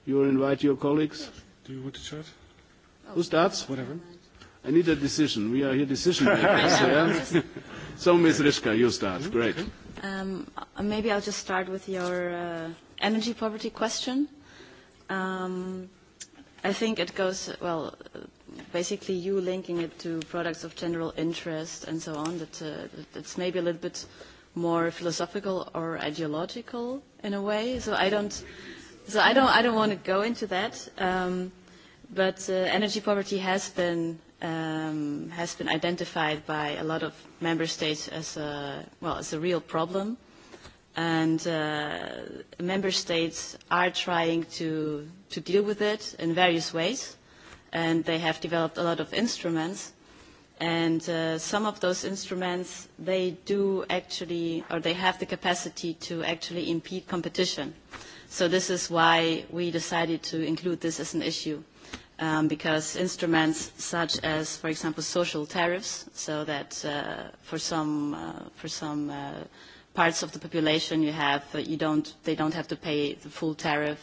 you invite your colleagues? Do you want to chat? Who starts? Whatever. I need a decision. We are here decision makers. So, Ms. Rishka, you start. Great. Maybe I'll just start with your energy poverty question. I think it goes, well, basically you linking it to products of general interest and so on, that it's maybe a little bit more philosophical or ideological in a way. So I don't, so I don't, I don't want to go into that. But energy poverty has been has been identified by a lot of member states as a well as a real problem, and member states are trying to to deal with it in various ways, and they have developed a lot of instruments, and some of those instruments they do actually or they have the capacity to actually impede competition. So this is why we decided to include this as an issue because instruments such as, for example, social tariffs, so that for some for some parts of the population you have you don't they don't have to pay the full tariff,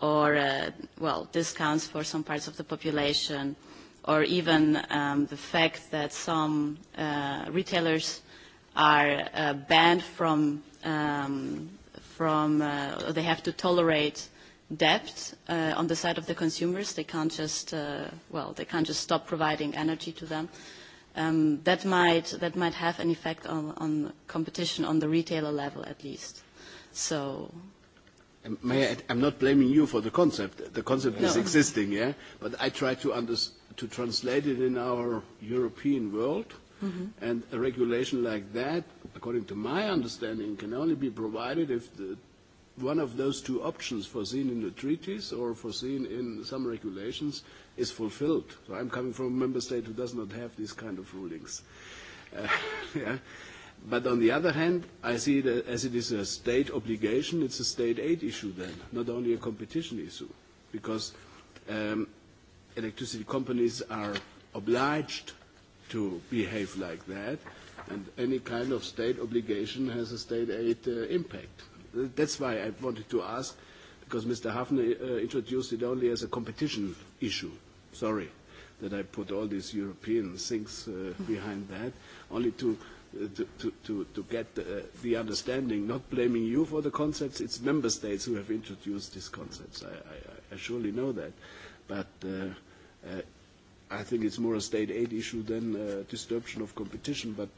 or well discounts for some parts of the population, or even the fact that some retailers are banned from from they have to tolerate debt on the side of the consumers. They can't just, well, they can't just stop providing energy to them. That might that might have an effect on competition on the retailer level at least. So. I'm not blaming you for the concept. The concept is existing, yeah. But I try to to translate it in our European world. And a regulation like that, according to my understanding, can only be provided if the one of those two options foreseen in the treaties or foreseen in some regulations is fulfilled. So I'm coming from a member state who does not have these kind of rulings. But on the other hand, I see it as it is a state obligation, it's a state aid issue then, not only a competition issue, because electricity companies are obliged to behave like that, and any kind of state obligation has a state aid impact. That's why I wanted to ask, because Mr. Hafner introduced it only as a competition issue. Sorry that I put all these European things behind that, only to to get the understanding, not blaming you for the concepts. It's member states who have introduced these concepts. I surely know that. But I think it's more a state aid issue than disruption of competition. But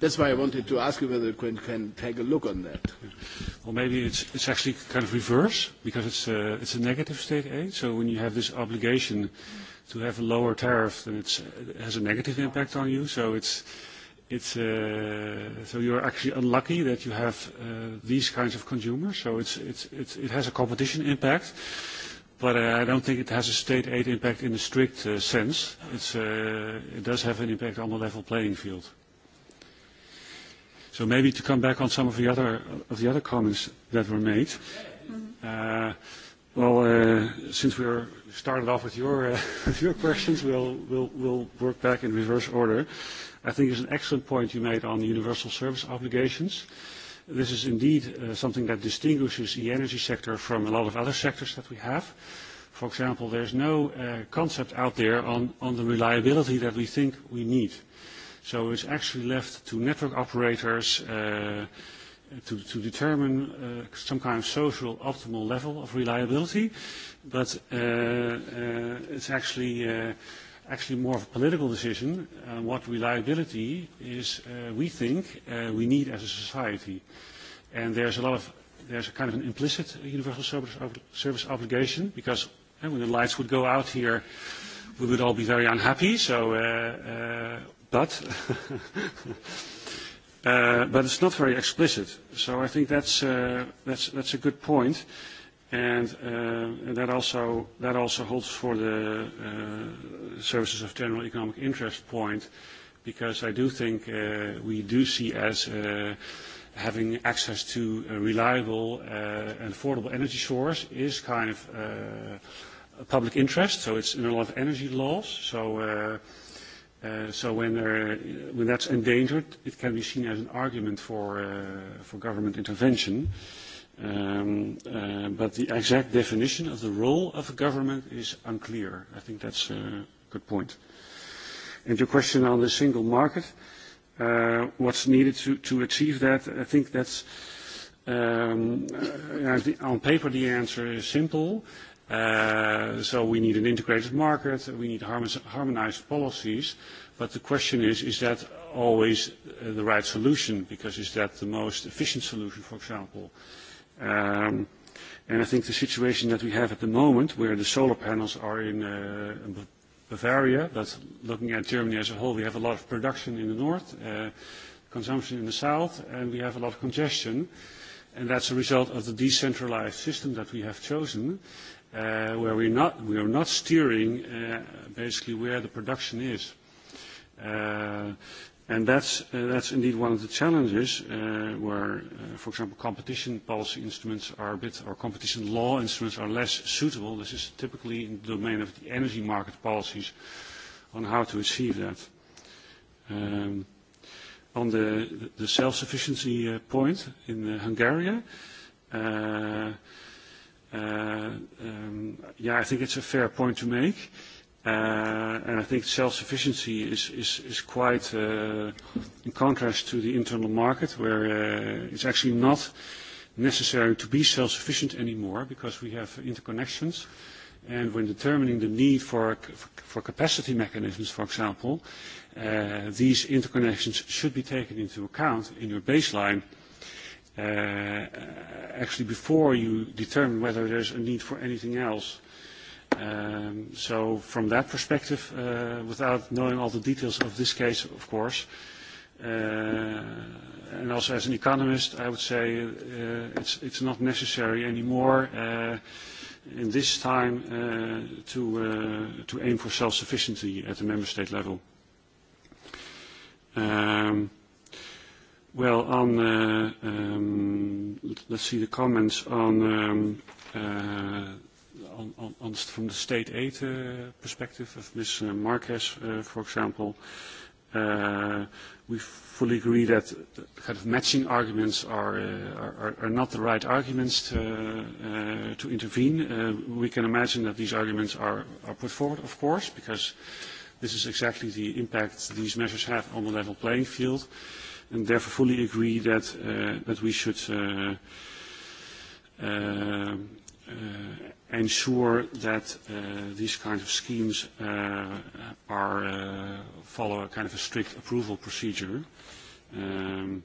That's why I wanted to ask you whether you can take a look on that. Well, maybe it's actually kind of reverse because it's a negative state aid. So when you have this obligation to have a lower tariff, then it has a negative impact on you. So it's it's so you're actually unlucky that you have these kinds of consumers. So it's it's it has a competition impact. But I don't think it has a state aid impact in a strict sense. It does have an impact on the level playing field. So maybe to come back on some of the other of the other comments that were made. Well, since we started off with your with your questions, we'll we'll we'll work back in reverse order. I think it's an excellent point you made on the universal service obligations. This is indeed something that distinguishes the energy sector from a lot of other sectors that we have. For example, there's no concept out there on on the reliability that we think we need. So it's actually left to network operators to determine some kind of social optimal level of reliability, but it's actually actually more of a political decision on what reliability is we think we need as a society. And there's a lot there's a kind of an implicit universal service obligation because when the lights would go out here, we would all be very unhappy. So but but it's not very explicit. So I think that's that's that's a good point, and that also that also holds for the services of general economic interest point, because I do think we do see as having access to a reliable and affordable energy source is kind of a public interest. So it's in a lot of energy laws. So So when that's endangered, it can be seen as an argument for government intervention. But the exact definition of the role of a government is unclear. I think that's a good point. And your question on the single market, what's needed to achieve that, I think that's on paper the answer is simple. So we need an integrated market, we need harmonized policies, but the question is, is that always the right solution? Because is that the most efficient solution, for example? And I think the situation that we have at the moment, where the solar panels are in Bavaria, but looking at Germany as a whole, we have a lot of production in the north, consumption in the south, and we have a lot of congestion. And that's a result of the decentralized system that we have chosen where we are not steering basically where the production is. And that's indeed one of the challenges where, for example, competition policy instruments are a bit, or competition law instruments are less suitable. This is typically in the domain of the energy market policies on how to achieve that. On the self-sufficiency point in Hungary, yeah, I think it's a fair point to make. And I think self-sufficiency is quite in contrast to the internal market, where it's actually not necessary to be self-sufficient anymore because we have interconnections. And when determining the need for capacity mechanisms, for example, these interconnections should be taken into account in your baseline actually before you determine whether there's a need for anything else. So from that perspective, without knowing all the details of this case, of course, and also as an economist, I would say it's not necessary anymore in this time to aim for self-sufficiency at the member state level. Well, on let's see the comments on on from the state aid perspective of Ms. Marquez, for example, we fully agree that kind of matching arguments are are not the right arguments to intervene. We can imagine that these arguments are are put forward, of course, because this is exactly the impact these measures have on the level playing field and therefore fully agree that that we should ensure that these kinds of schemes are follow a kind of a strict approval procedure and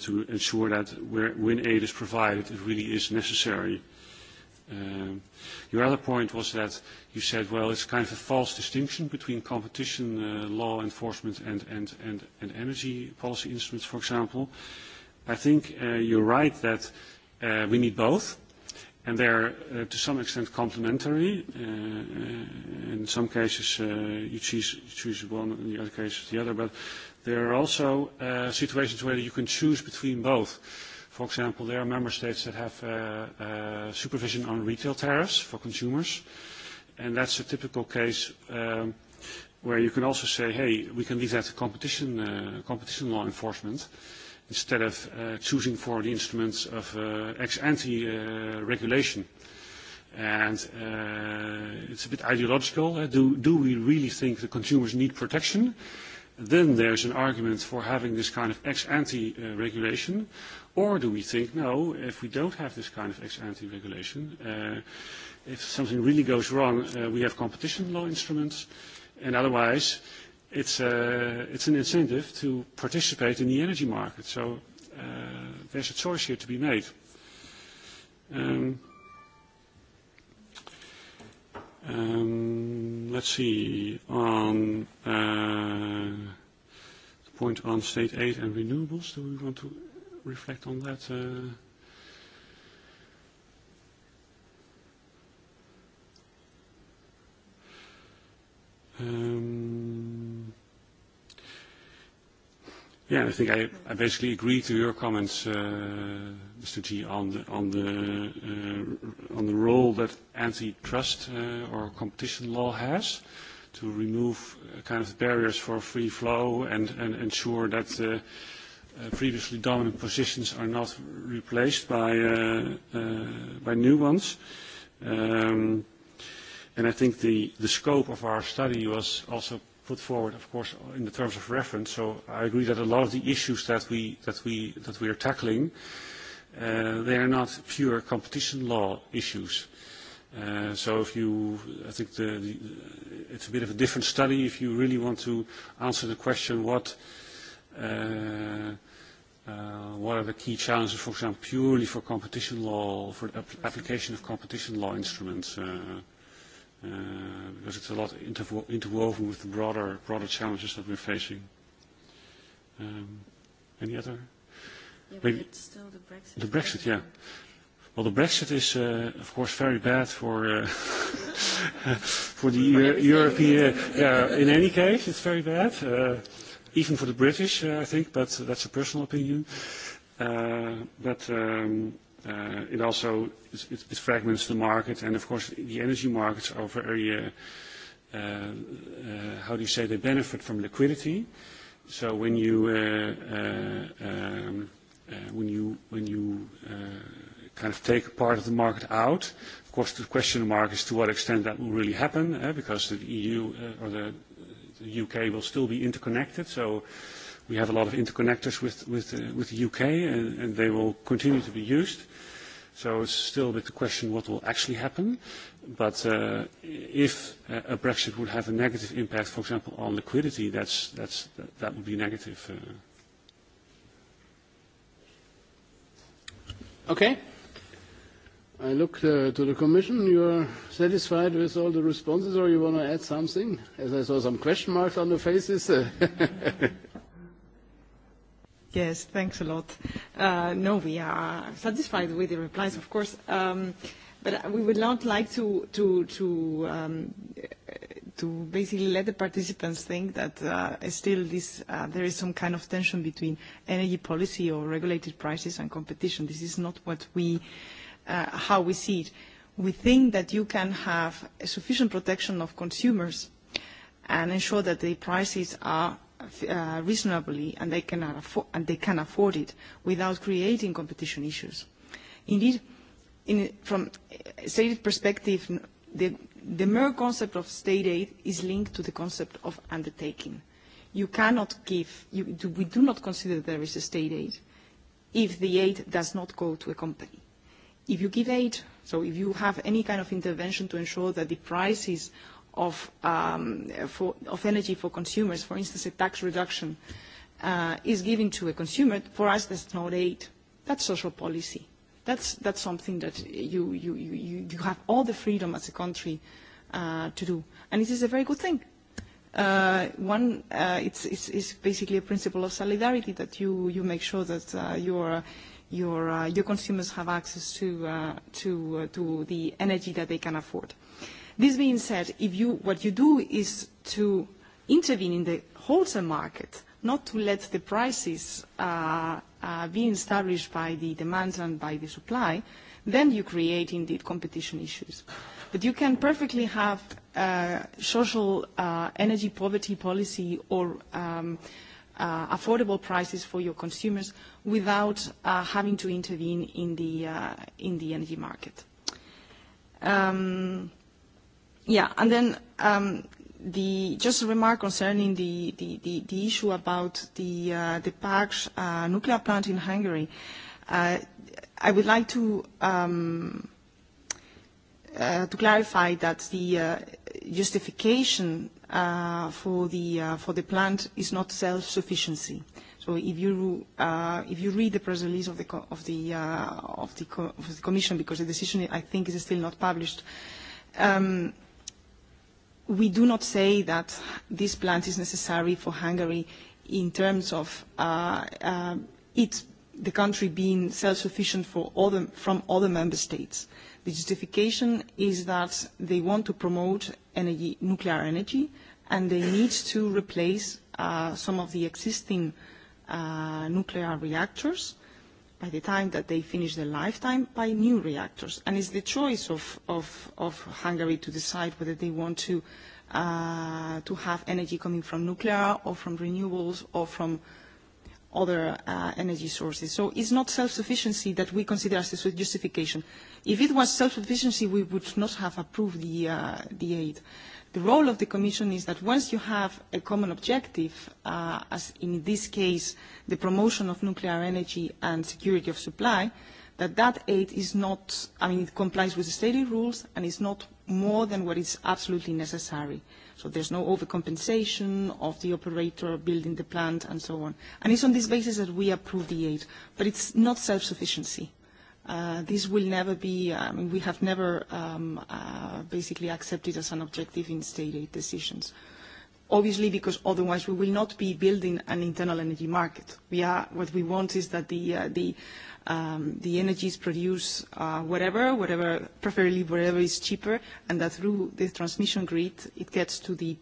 to ensure that when aid is provided it really is necessary Your other point was that you said, well, it's kind of a false distinction between competition law enforcement and energy policy instruments, for example. I think you're right that we need both, and they're to some extent complementary. In some cases, you choose one, in the other cases, the other. But there are also situations where you can choose between both. For example, there are member states that have supervision on retail tariffs for consumers, and that's a typical case where you can also say, hey, we can leave that to competition competition law enforcement instead of choosing for the instruments of ex-ante regulation. And it's a bit ideological. Do we really think the consumers need protection? Then there's an argument for having this kind of ex-ante regulation. Or do we think, no, if we don't have this kind of ex-ante regulation, if something really goes wrong, we have competition law instruments, and otherwise it's an incentive to participate in the energy market. So there's a choice here to be made. Let's see. On the point on state aid and renewables, do we want to reflect on that. Yeah, I think I, I basically agree to your comments, uh, Mr. G, on the on the uh, on the role that antitrust uh, or competition law has to remove kind of barriers for free flow and and ensure that. Uh, previously dominant positions are not replaced by by new ones. And I think the the scope of our study was also put forward, of course, in the terms of reference. So I agree that a lot of the issues that we that we that we are tackling, they are not pure competition law issues. So if you, I think it's a bit of a different study if you really want to answer the question what What are the key challenges, for example, purely for competition law, for the application of competition law instruments? Because it's a lot interwoven with the broader challenges that we're facing. Any other? still the Brexit. The Brexit, yeah. Well, the Brexit is, of course, very bad for for the European. Yeah, in any case, it's very bad even for the British, I think, but that's a personal opinion. But it also it fragments the market, and of course the energy markets are very, how do you say, they benefit from liquidity. So when you um when you when you kind of take part of the market out, of course the question mark is to what extent that will really happen, because the EU or the the UK will still be interconnected. So we have a lot of interconnectors with, the UK, and, they will continue to be used. So it's still a bit the question what will actually happen. But if a Brexit would have a negative impact, for example, on liquidity, that would be negative. Okay. I look to the Commission. You are satisfied with all the responses, or you want to add something? As I saw some question marks on the faces. Yes, thanks a lot. No, we are satisfied with the replies, of course. But we would not like to to basically let the participants think that still this there is some kind of tension between energy policy or regulated prices and competition. This is not what we how we see it. We think that you can have a sufficient protection of consumers and ensure that the prices are reasonably and they can afford it without creating competition issues. Indeed, from a stated perspective, the mere concept of state aid is linked to the concept of undertaking. You cannot give, we do not consider there is a state aid if the aid does not go to a company if you give aid, so if you have any kind of intervention to ensure that the prices of energy for consumers, for instance, a tax reduction, is given to a consumer, for us that's not aid. That's social policy. That's something that you have all the freedom as a country to do. And it is a very good thing. One, it's basically a principle of solidarity that you make sure that your your your consumers have access to to to the energy that they can afford. This being said, if you what you do is to intervene in the wholesale market, not to let the prices be established by the demand and by the supply, then you create indeed competition issues. But you can perfectly have social energy poverty policy or affordable prices for your consumers without having to intervene in the in the energy market. Yeah, and then the just a remark concerning the the the issue about the the uh nuclear plant in Hungary. I would like to to clarify that the justification for the for the plant is not self-sufficiency. So if you if you read the press release of the of the of the Commission, because the decision I think is still not published, we do not say that this plant is necessary for Hungary in terms of it the country being self-sufficient for from other member states. The justification is that they want to promote energy, nuclear energy, and they need to replace some of the existing nuclear reactors by the time that they finish their lifetime by new reactors. And it's the choice of Hungary to decide whether they want to have energy coming from nuclear or from renewables or from other energy sources. So it's not self-sufficiency that we consider as a justification. If it was self-sufficiency, we would not have approved the aid. The role of the Commission is that once you have a common objective, as in this case the promotion of nuclear energy and security of supply, that that aid is not, I mean, it complies with the stated rules and is not more than what is absolutely necessary. So there's no overcompensation of the operator building the plant and so on. And it's on this basis that we approve the aid. But it's not self-sufficiency. This will never be, I mean, we have never basically accepted as an objective in state aid decisions. Obviously, because otherwise we will not be building an internal energy market. We are, what we want is that the the the energies produce whatever, whatever, preferably whatever is cheaper, and that through the transmission grid it gets to the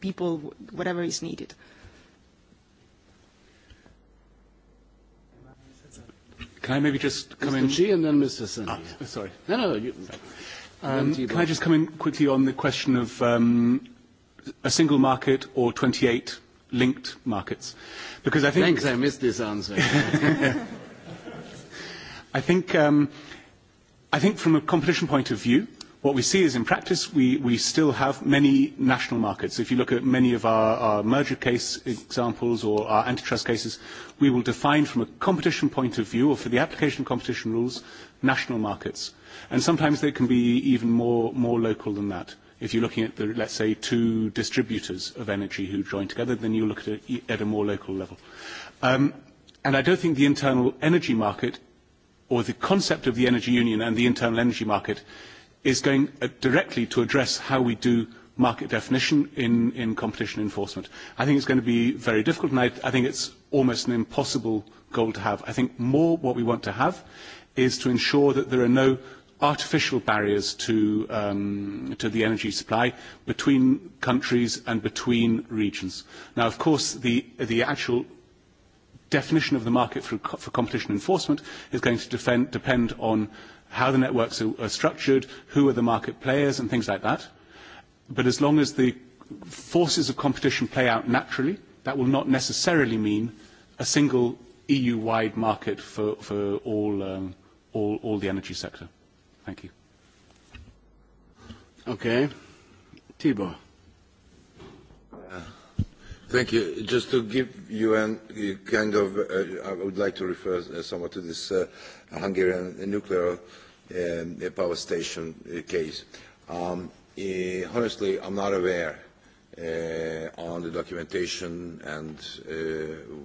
people whatever is needed. Can I maybe just come in? Mr. and then Mr. Sorry. No, no, you. Can I just come in quickly on the question of a single market or 28 linked markets? Because I think. Thanks, I missed this answer. I think, I think from a competition point of view, What we see is in practice we still have many national markets. If you look at many of our merger case examples or our antitrust cases, we will define from a competition point of view or for the application of competition rules, national markets. And sometimes they can be even more local than that. If you're looking at, let's say, two distributors of energy who join together, then you look at it at a more local level. And I don't think the internal energy market or the concept of the energy union and the internal energy market is going directly to address how we do market definition in competition enforcement. I think it's going to be very difficult, and I think it's almost an impossible goal to have. I think more what we want to have is to ensure that there are no artificial barriers to the energy supply between countries and between regions. Now, of course, the actual definition of the market for competition enforcement is going to depend on how the networks are structured, who are the market players, and things like that. But as long as the forces of competition play out naturally, that will not necessarily mean a single EU-wide market for for all the energy sector. Thank you. Okay. Tibor. Thank you. Just to give you an kind of, I would like to refer somewhat to this Hungarian nuclear power station case. Honestly, I'm not aware on the documentation and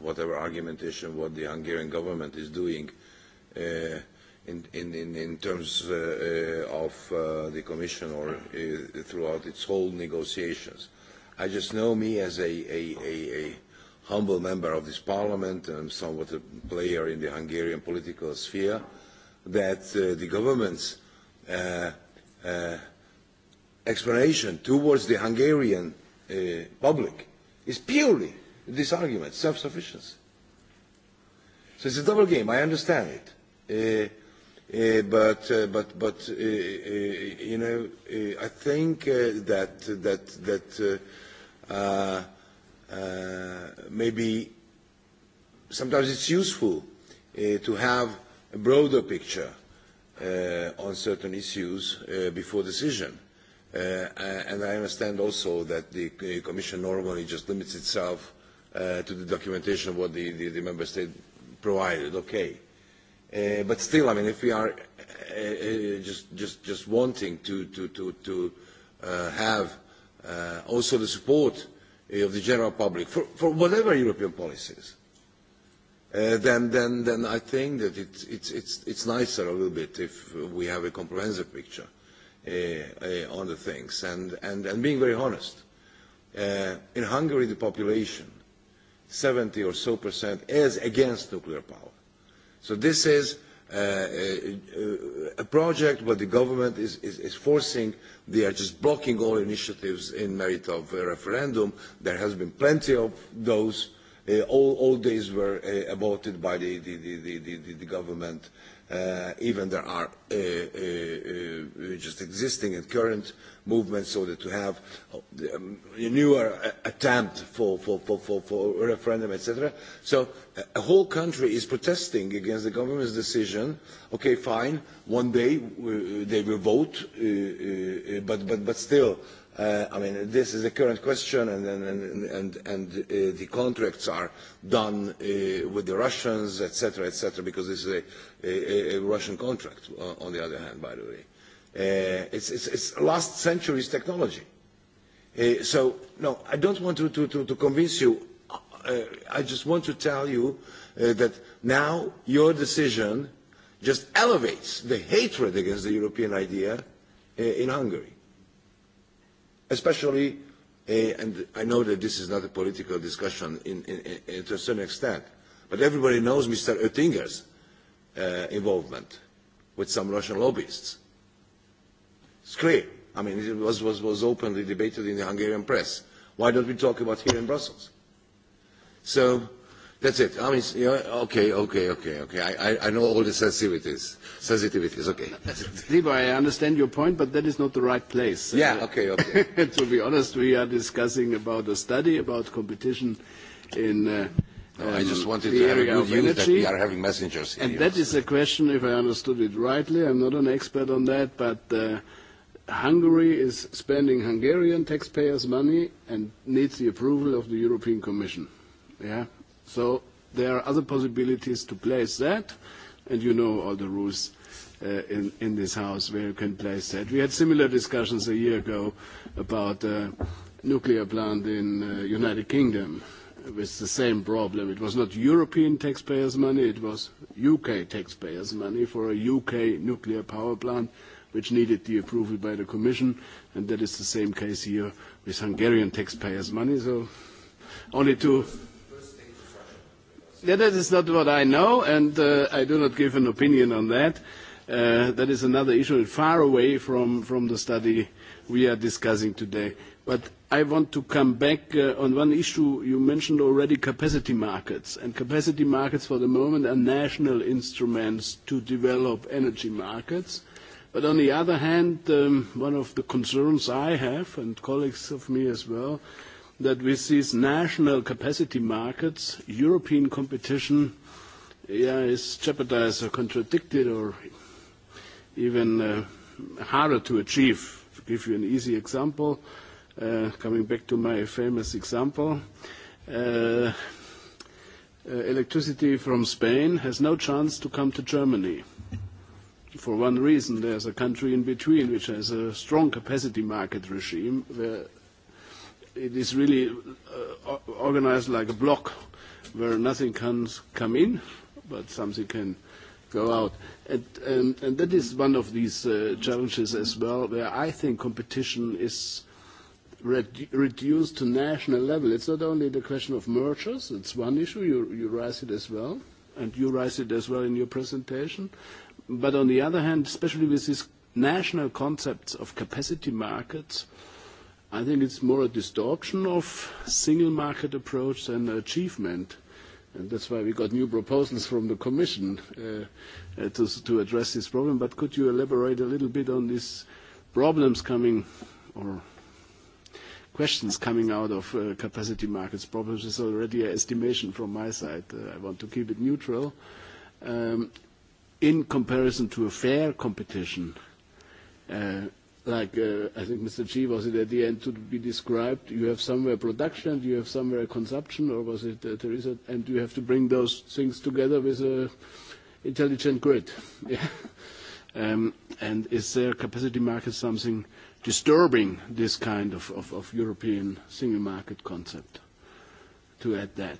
whatever argumentation what the Hungarian government is doing in terms of the Commission or throughout its whole negotiations. I just know me as a, a, a, humble member of this parliament and somewhat a player in the Hungarian political sphere, that the government's explanation towards the Hungarian public is purely this argument, self-sufficiency. So it's a double game, I understand it. But, but, but, you know, I think that, that, that uh maybe sometimes it's useful to have a broader picture on certain issues before decision. And I understand also that the Commission normally just limits itself to the documentation of what the the Member State provided. Okay. But still, I mean, if we are just just just wanting to have also the support of the general public for whatever European policies, then I think that it's nicer a little bit if we have a comprehensive picture on the things. And being very honest, in Hungary the population, 70 or so percent, is against nuclear power. So this is a project where the government is forcing, they are just blocking all initiatives in merit of a referendum. There has been plenty of those. All days were aborted by the government even there are just existing and current movements, so that to have a newer attempt for for for for referendum, etc. So a whole country is protesting against the government's decision. Okay, fine, one day they will vote, but still I mean, this is the current question, and the contracts are done with the Russians, etc., etc., because this is a Russian contract, on the other hand, by the way. It's last century's technology. So, no, I don't want to convince you. I just want to tell you that now your decision just elevates the hatred against the European idea in Hungary especially, and I know that this is not a political discussion to a certain extent, but everybody knows Mr. Oettinger's involvement with some Russian lobbyists. It's clear. I mean, it was, was, openly debated in the Hungarian press. Why don't we talk about here in Brussels? So That's it. I mean, okay, okay, okay, okay. I, I I know all the sensitivities. Sensitivities, okay. Lieber, I understand your point, but that is not the right place. Yeah, okay, okay. to be honest, we are discussing about a study about competition in. I just wanted to have a good view that we are having messengers. here. And that is a question, if I understood it rightly, I'm not an expert on that, but Hungary is spending Hungarian taxpayers' money and needs the approval of the European Commission. Yeah. So there are other possibilities to place that, and you know all the rules in this house where you can place that. We had similar discussions a year ago about a nuclear plant in the United Kingdom with the same problem. It was not European taxpayers' money, it was UK taxpayers' money for a UK nuclear power plant which needed the approval by the Commission, and that is the same case here with Hungarian taxpayers' money. So only to That is not what I know, and I do not give an opinion on that. That is another issue far away from the study we are discussing today. But I want to come back on one issue. You mentioned already capacity markets, and capacity markets for the moment are national instruments to develop energy markets. But on the other hand, one of the concerns I have, and colleagues of me as well, that with these national capacity markets, European competition is jeopardized or contradicted or even harder to achieve. To give you an easy example, coming back to my famous example, electricity from Spain has no chance to come to Germany. For one reason, there's a country in between which has a strong capacity market regime where it is really organized like a block where nothing can come in, but something can go out. And that is one of these challenges as well, where I think competition is reduced to national level. It's not only the question of mergers, it's one issue, you raise it as well, and you raise it as well in your presentation. But on the other hand, especially with these national concepts of capacity markets, I think it's more a distortion of single market approach than achievement. And that's why we got new proposals from the Commission to address this problem. But could you elaborate a little bit on these problems coming or questions coming out of capacity markets? Problems is already an estimation from my side. I want to keep it neutral. In comparison to a fair competition, like I think Mr. G was it at the end to be described. You have somewhere production, you have somewhere consumption, or was it Teresa? And you have to bring those things together with an intelligent grid. And is there capacity market something disturbing this kind of European single market concept? To add that.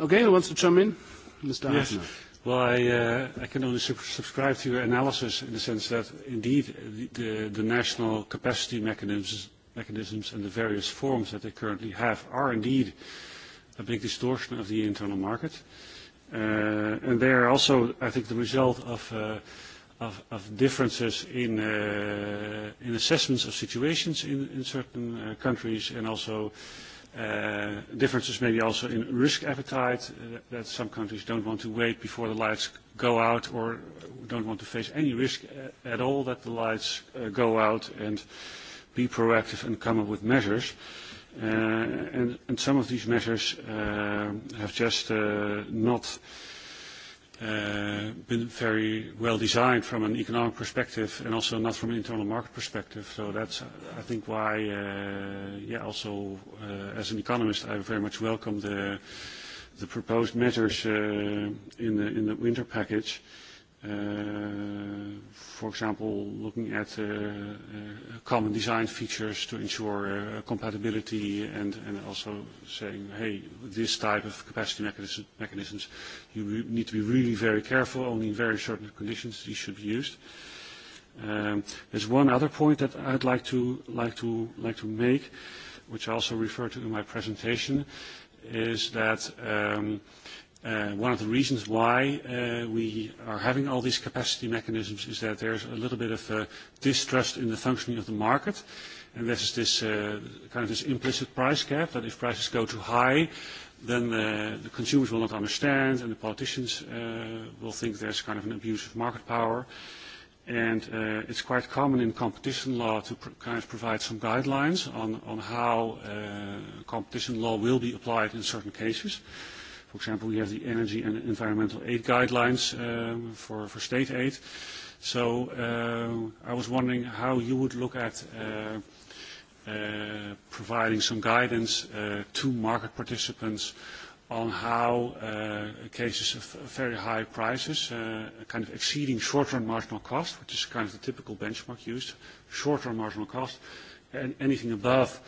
Okay, who wants to chime in? Mr. Hasner. Well, I can only subscribe to your analysis in the sense that, indeed, the national capacity mechanisms mechanisms and the various forms that they currently have are indeed a big distortion of the internal market. And they are also, I think, the result of of of differences in assessments of situations in certain countries and also differences maybe also in risk appetite, that some countries don't want to wait before the lights go out or don't want to face any risk at all that the lights go out and be proactive and come up with measures. And some of these measures have just not been very well designed from an economic perspective and also not from an internal market perspective. So that's, I think, why, yeah, also as an economist, I very much welcome the proposed measures in the winter package for example, looking at common design features to ensure compatibility and and also saying, hey, this type of capacity mechanisms, you need to be really very careful, only in very certain conditions these should be used. There's one other point that I'd like to like like to to make, which I also refer to in my presentation, is that One of the reasons why we are having all these capacity mechanisms is that there's a little bit of distrust in the functioning of the market, and this is this kind of this implicit price cap that if prices go too high, then the consumers will not understand and the politicians will think there's kind of an abuse of market power. And it's quite common in competition law to kind of provide some guidelines on how competition law will be applied in certain cases. For example, we have the energy and environmental aid guidelines for for state aid. So I was wondering how you would look at providing some guidance to market participants on how cases of very high prices, kind of exceeding short-run marginal cost, which is kind of the typical benchmark used, short term marginal cost, and anything above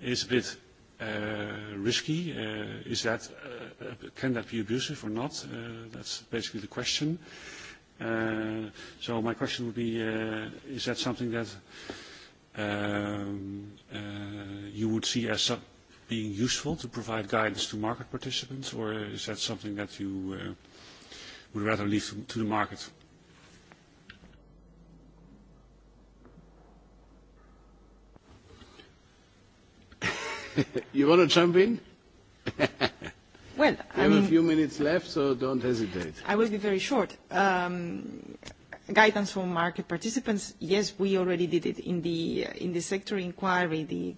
is a bit risky? Is that can that be abusive or not? That's basically the question. So my question would be: Is that something that you would see as being useful to provide guidance to market participants, or is that something that you would rather leave to the market? You want to jump in? Well, I have a few minutes left, so don't hesitate. I will be very short. Guidance for market participants. Yes, we already did it in the in the sector inquiry, the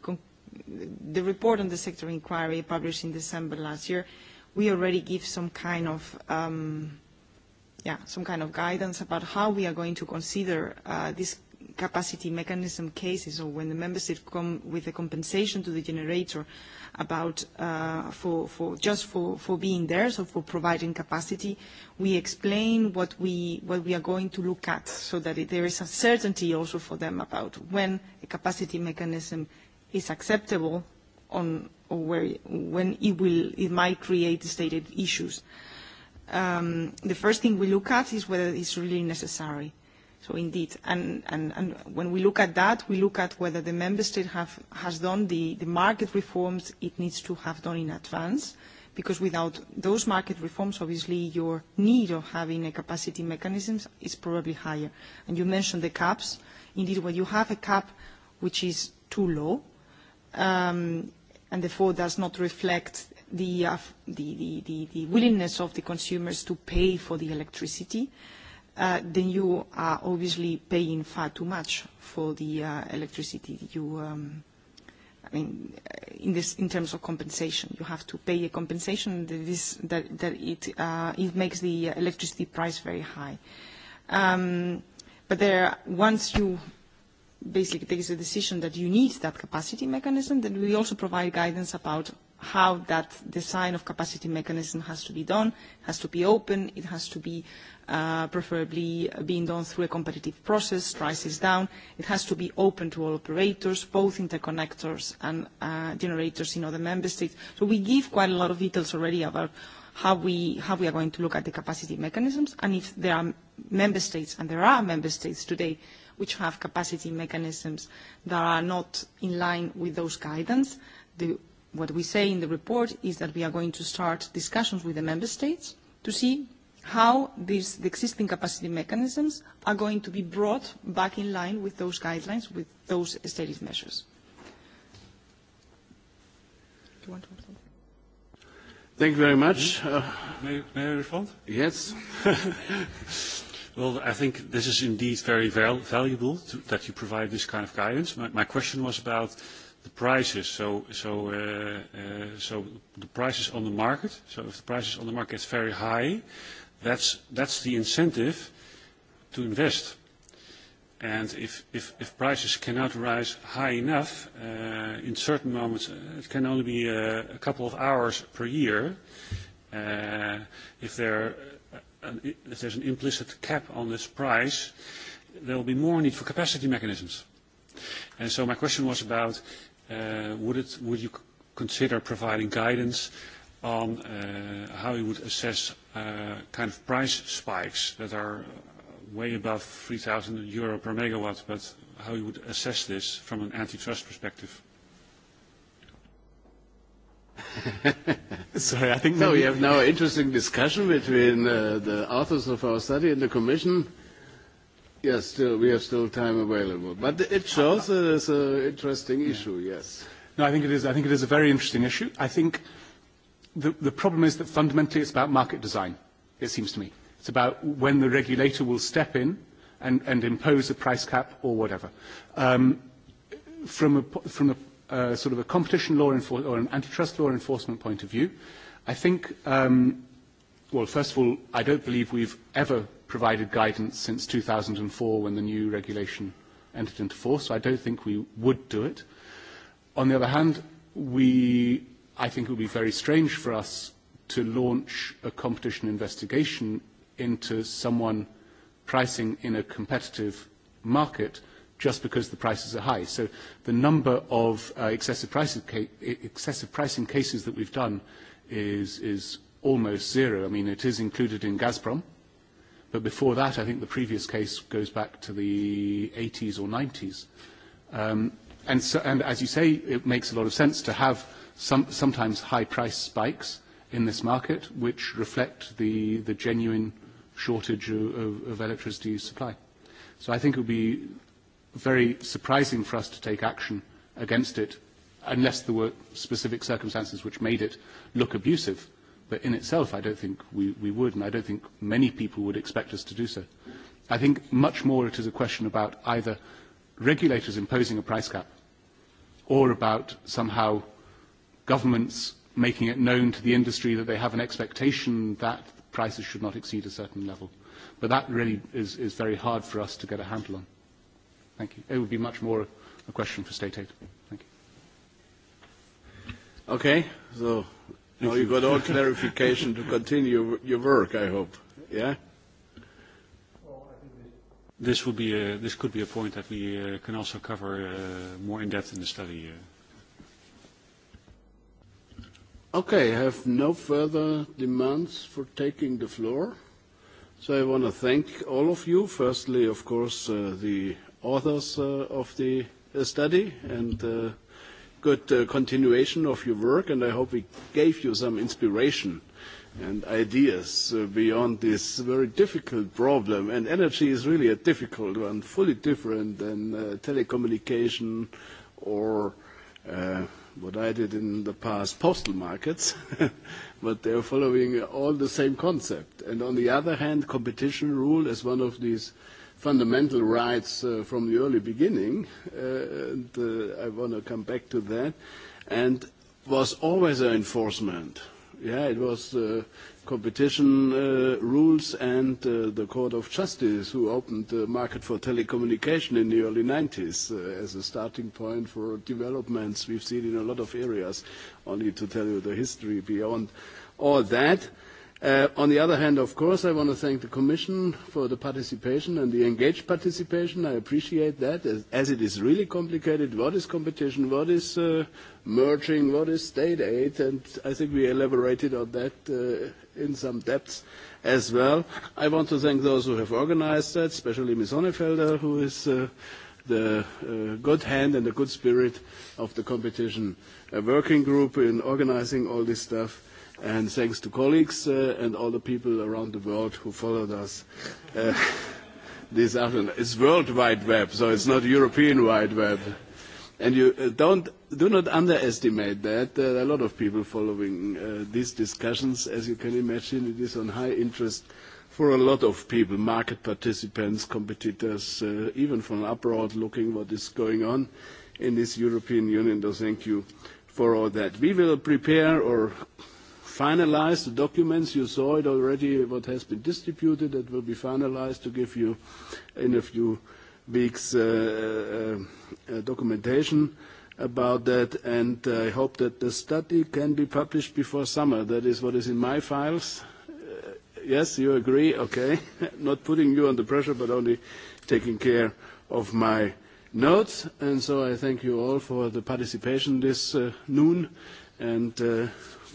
the report on the sector inquiry published in December last year. We already give some kind of yeah, some kind of guidance about how we are going to consider this capacity mechanism cases or when the member state come with a compensation to the generator about for for just for for being there so for providing capacity we explain what we what we are going to look at so that there is a certainty also for them about when a capacity mechanism is acceptable on or where when it will it might create stated issues the first thing we look at is whether it is really necessary So indeed, and when we look at that, we look at whether the member state has done the market reforms it needs to have done in advance, because without those market reforms, obviously, your need of having a capacity mechanism is probably higher. And you mentioned the caps. Indeed, when you have a cap which is too low, and therefore does not reflect the willingness of the consumers to pay for the electricity, then you are obviously paying far too much for the electricity you I mean, in this, in terms of compensation, you have to pay a compensation that is that it it makes the electricity price very high. But there, once you basically take the decision that you need that capacity mechanism, then we also provide guidance about how that design of capacity mechanism has to be done, it has to be open, it has to be preferably being done through a competitive process, prices down, it has to be open to all operators, both interconnectors and generators in other member states. So we give quite a lot of details already about how we are going to look at the capacity mechanisms and if there are member states, and there are member states today, which have capacity mechanisms that are not in line with those guidance, the What we say in the report is that we are going to start discussions with the member states to see how these the existing capacity mechanisms are going to be brought back in line with those guidelines, with those stated measures. Thank you very much. May I respond? Yes. Well, I think this is indeed very valuable that you provide this kind of guidance. My question was about the prices. So the prices on the market, so if the prices on the market is very high, that's the incentive to invest. And if prices cannot rise high enough, in certain moments, it can only be a couple of hours per year, if there's an implicit cap on this price, there will be more need for capacity mechanisms. And so my question was about would you consider providing guidance on how you would assess kind of price spikes that are way above 3,000 euro per megawatt, but how you would assess this from an antitrust perspective? Sorry, I think. No, we have now interesting discussion between the authors of our study and the Commission. Yes, still, we have still time available. But it shows that it's an interesting issue, yes. No, I think it is. I think it is a very interesting issue. I think the, the problem is that fundamentally it's about market design, it seems to me. It's about when the regulator will step in and, and impose a price cap or whatever. Um, from a, from a sort of a competition law or an antitrust law enforcement point of view, I think, um, well, first of all, I don't believe we've ever provided guidance since 2004 when the new regulation entered into force, so I don't think we would do it. On the other hand, we, I think it would be very strange for us to launch a competition investigation into someone pricing in a competitive market just because the prices are high. So the number of excessive pricing cases that we've done is almost zero. I mean, it is included in Gazprom, But before that, I think the previous case goes back to the 80s or 90s. And as you say, it makes a lot of sense to have sometimes high price spikes in this market, which reflect the genuine shortage of electricity supply. So I think it would be very surprising for us to take action against it unless there were specific circumstances which made it look abusive. But in itself, I don't think we would, and I don't think many people would expect us to do so. I think much more it is a question about either regulators imposing a price cap or about somehow governments making it known to the industry that they have an expectation that prices should not exceed a certain level. But that really is very hard for us to get a handle on. Thank you. It would be much more a question for state aid. Thank you. Okay. So No, you got all clarification to continue your work, I hope. Yeah? This would be this could be a point that we can also cover more in depth in the study. Okay, I have no further demands for taking the floor. So I want to thank all of you. Firstly, of course, the authors of the study and good continuation of your work, and I hope we gave you some inspiration and ideas beyond this very difficult problem. And energy is really a difficult one, fully different than telecommunication or what I did in the past, postal markets, but they are following all the same concept. And on the other hand, competition rule is one of these fundamental rights from the early beginning, and I want to come back to that, and was always an enforcement. Yeah, it was competition rules and the Court of Justice who opened the market for telecommunication in the early 90s as a starting point for developments we've seen in a lot of areas, only to tell you the history beyond all that. On the other hand, of course, I want to thank the Commission for the participation and the engaged participation. I appreciate that, as it is really complicated. What is competition? What is merging? What is state aid? And I think we elaborated on that in some depth as well. I want to thank those who have organized that, especially Ms. Honefelder, who is the good hand and the good spirit of the competition working group in organizing all this stuff and thanks to colleagues and all the people around the world who followed us this afternoon. It's World Wide Web, so it's not European Wide Web. And you don't do not underestimate that. There are a lot of people following these discussions. As you can imagine, it is on high interest for a lot of people, market participants, competitors, even from abroad, looking what is going on in this European Union. So thank you for all that. We will prepare or finalized. The documents, you saw it already, what has been distributed, that will be finalized to give you in a few weeks documentation about that. And I hope that the study can be published before summer. That is what is in my files. Yes, you agree? Okay. Not putting you under pressure, but only taking care of my notes. And so I thank you all for the participation this noon. And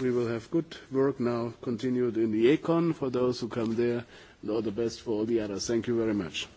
we will have good work now continued in the Econ for those who come there, and all the best for all the others. Thank you very much.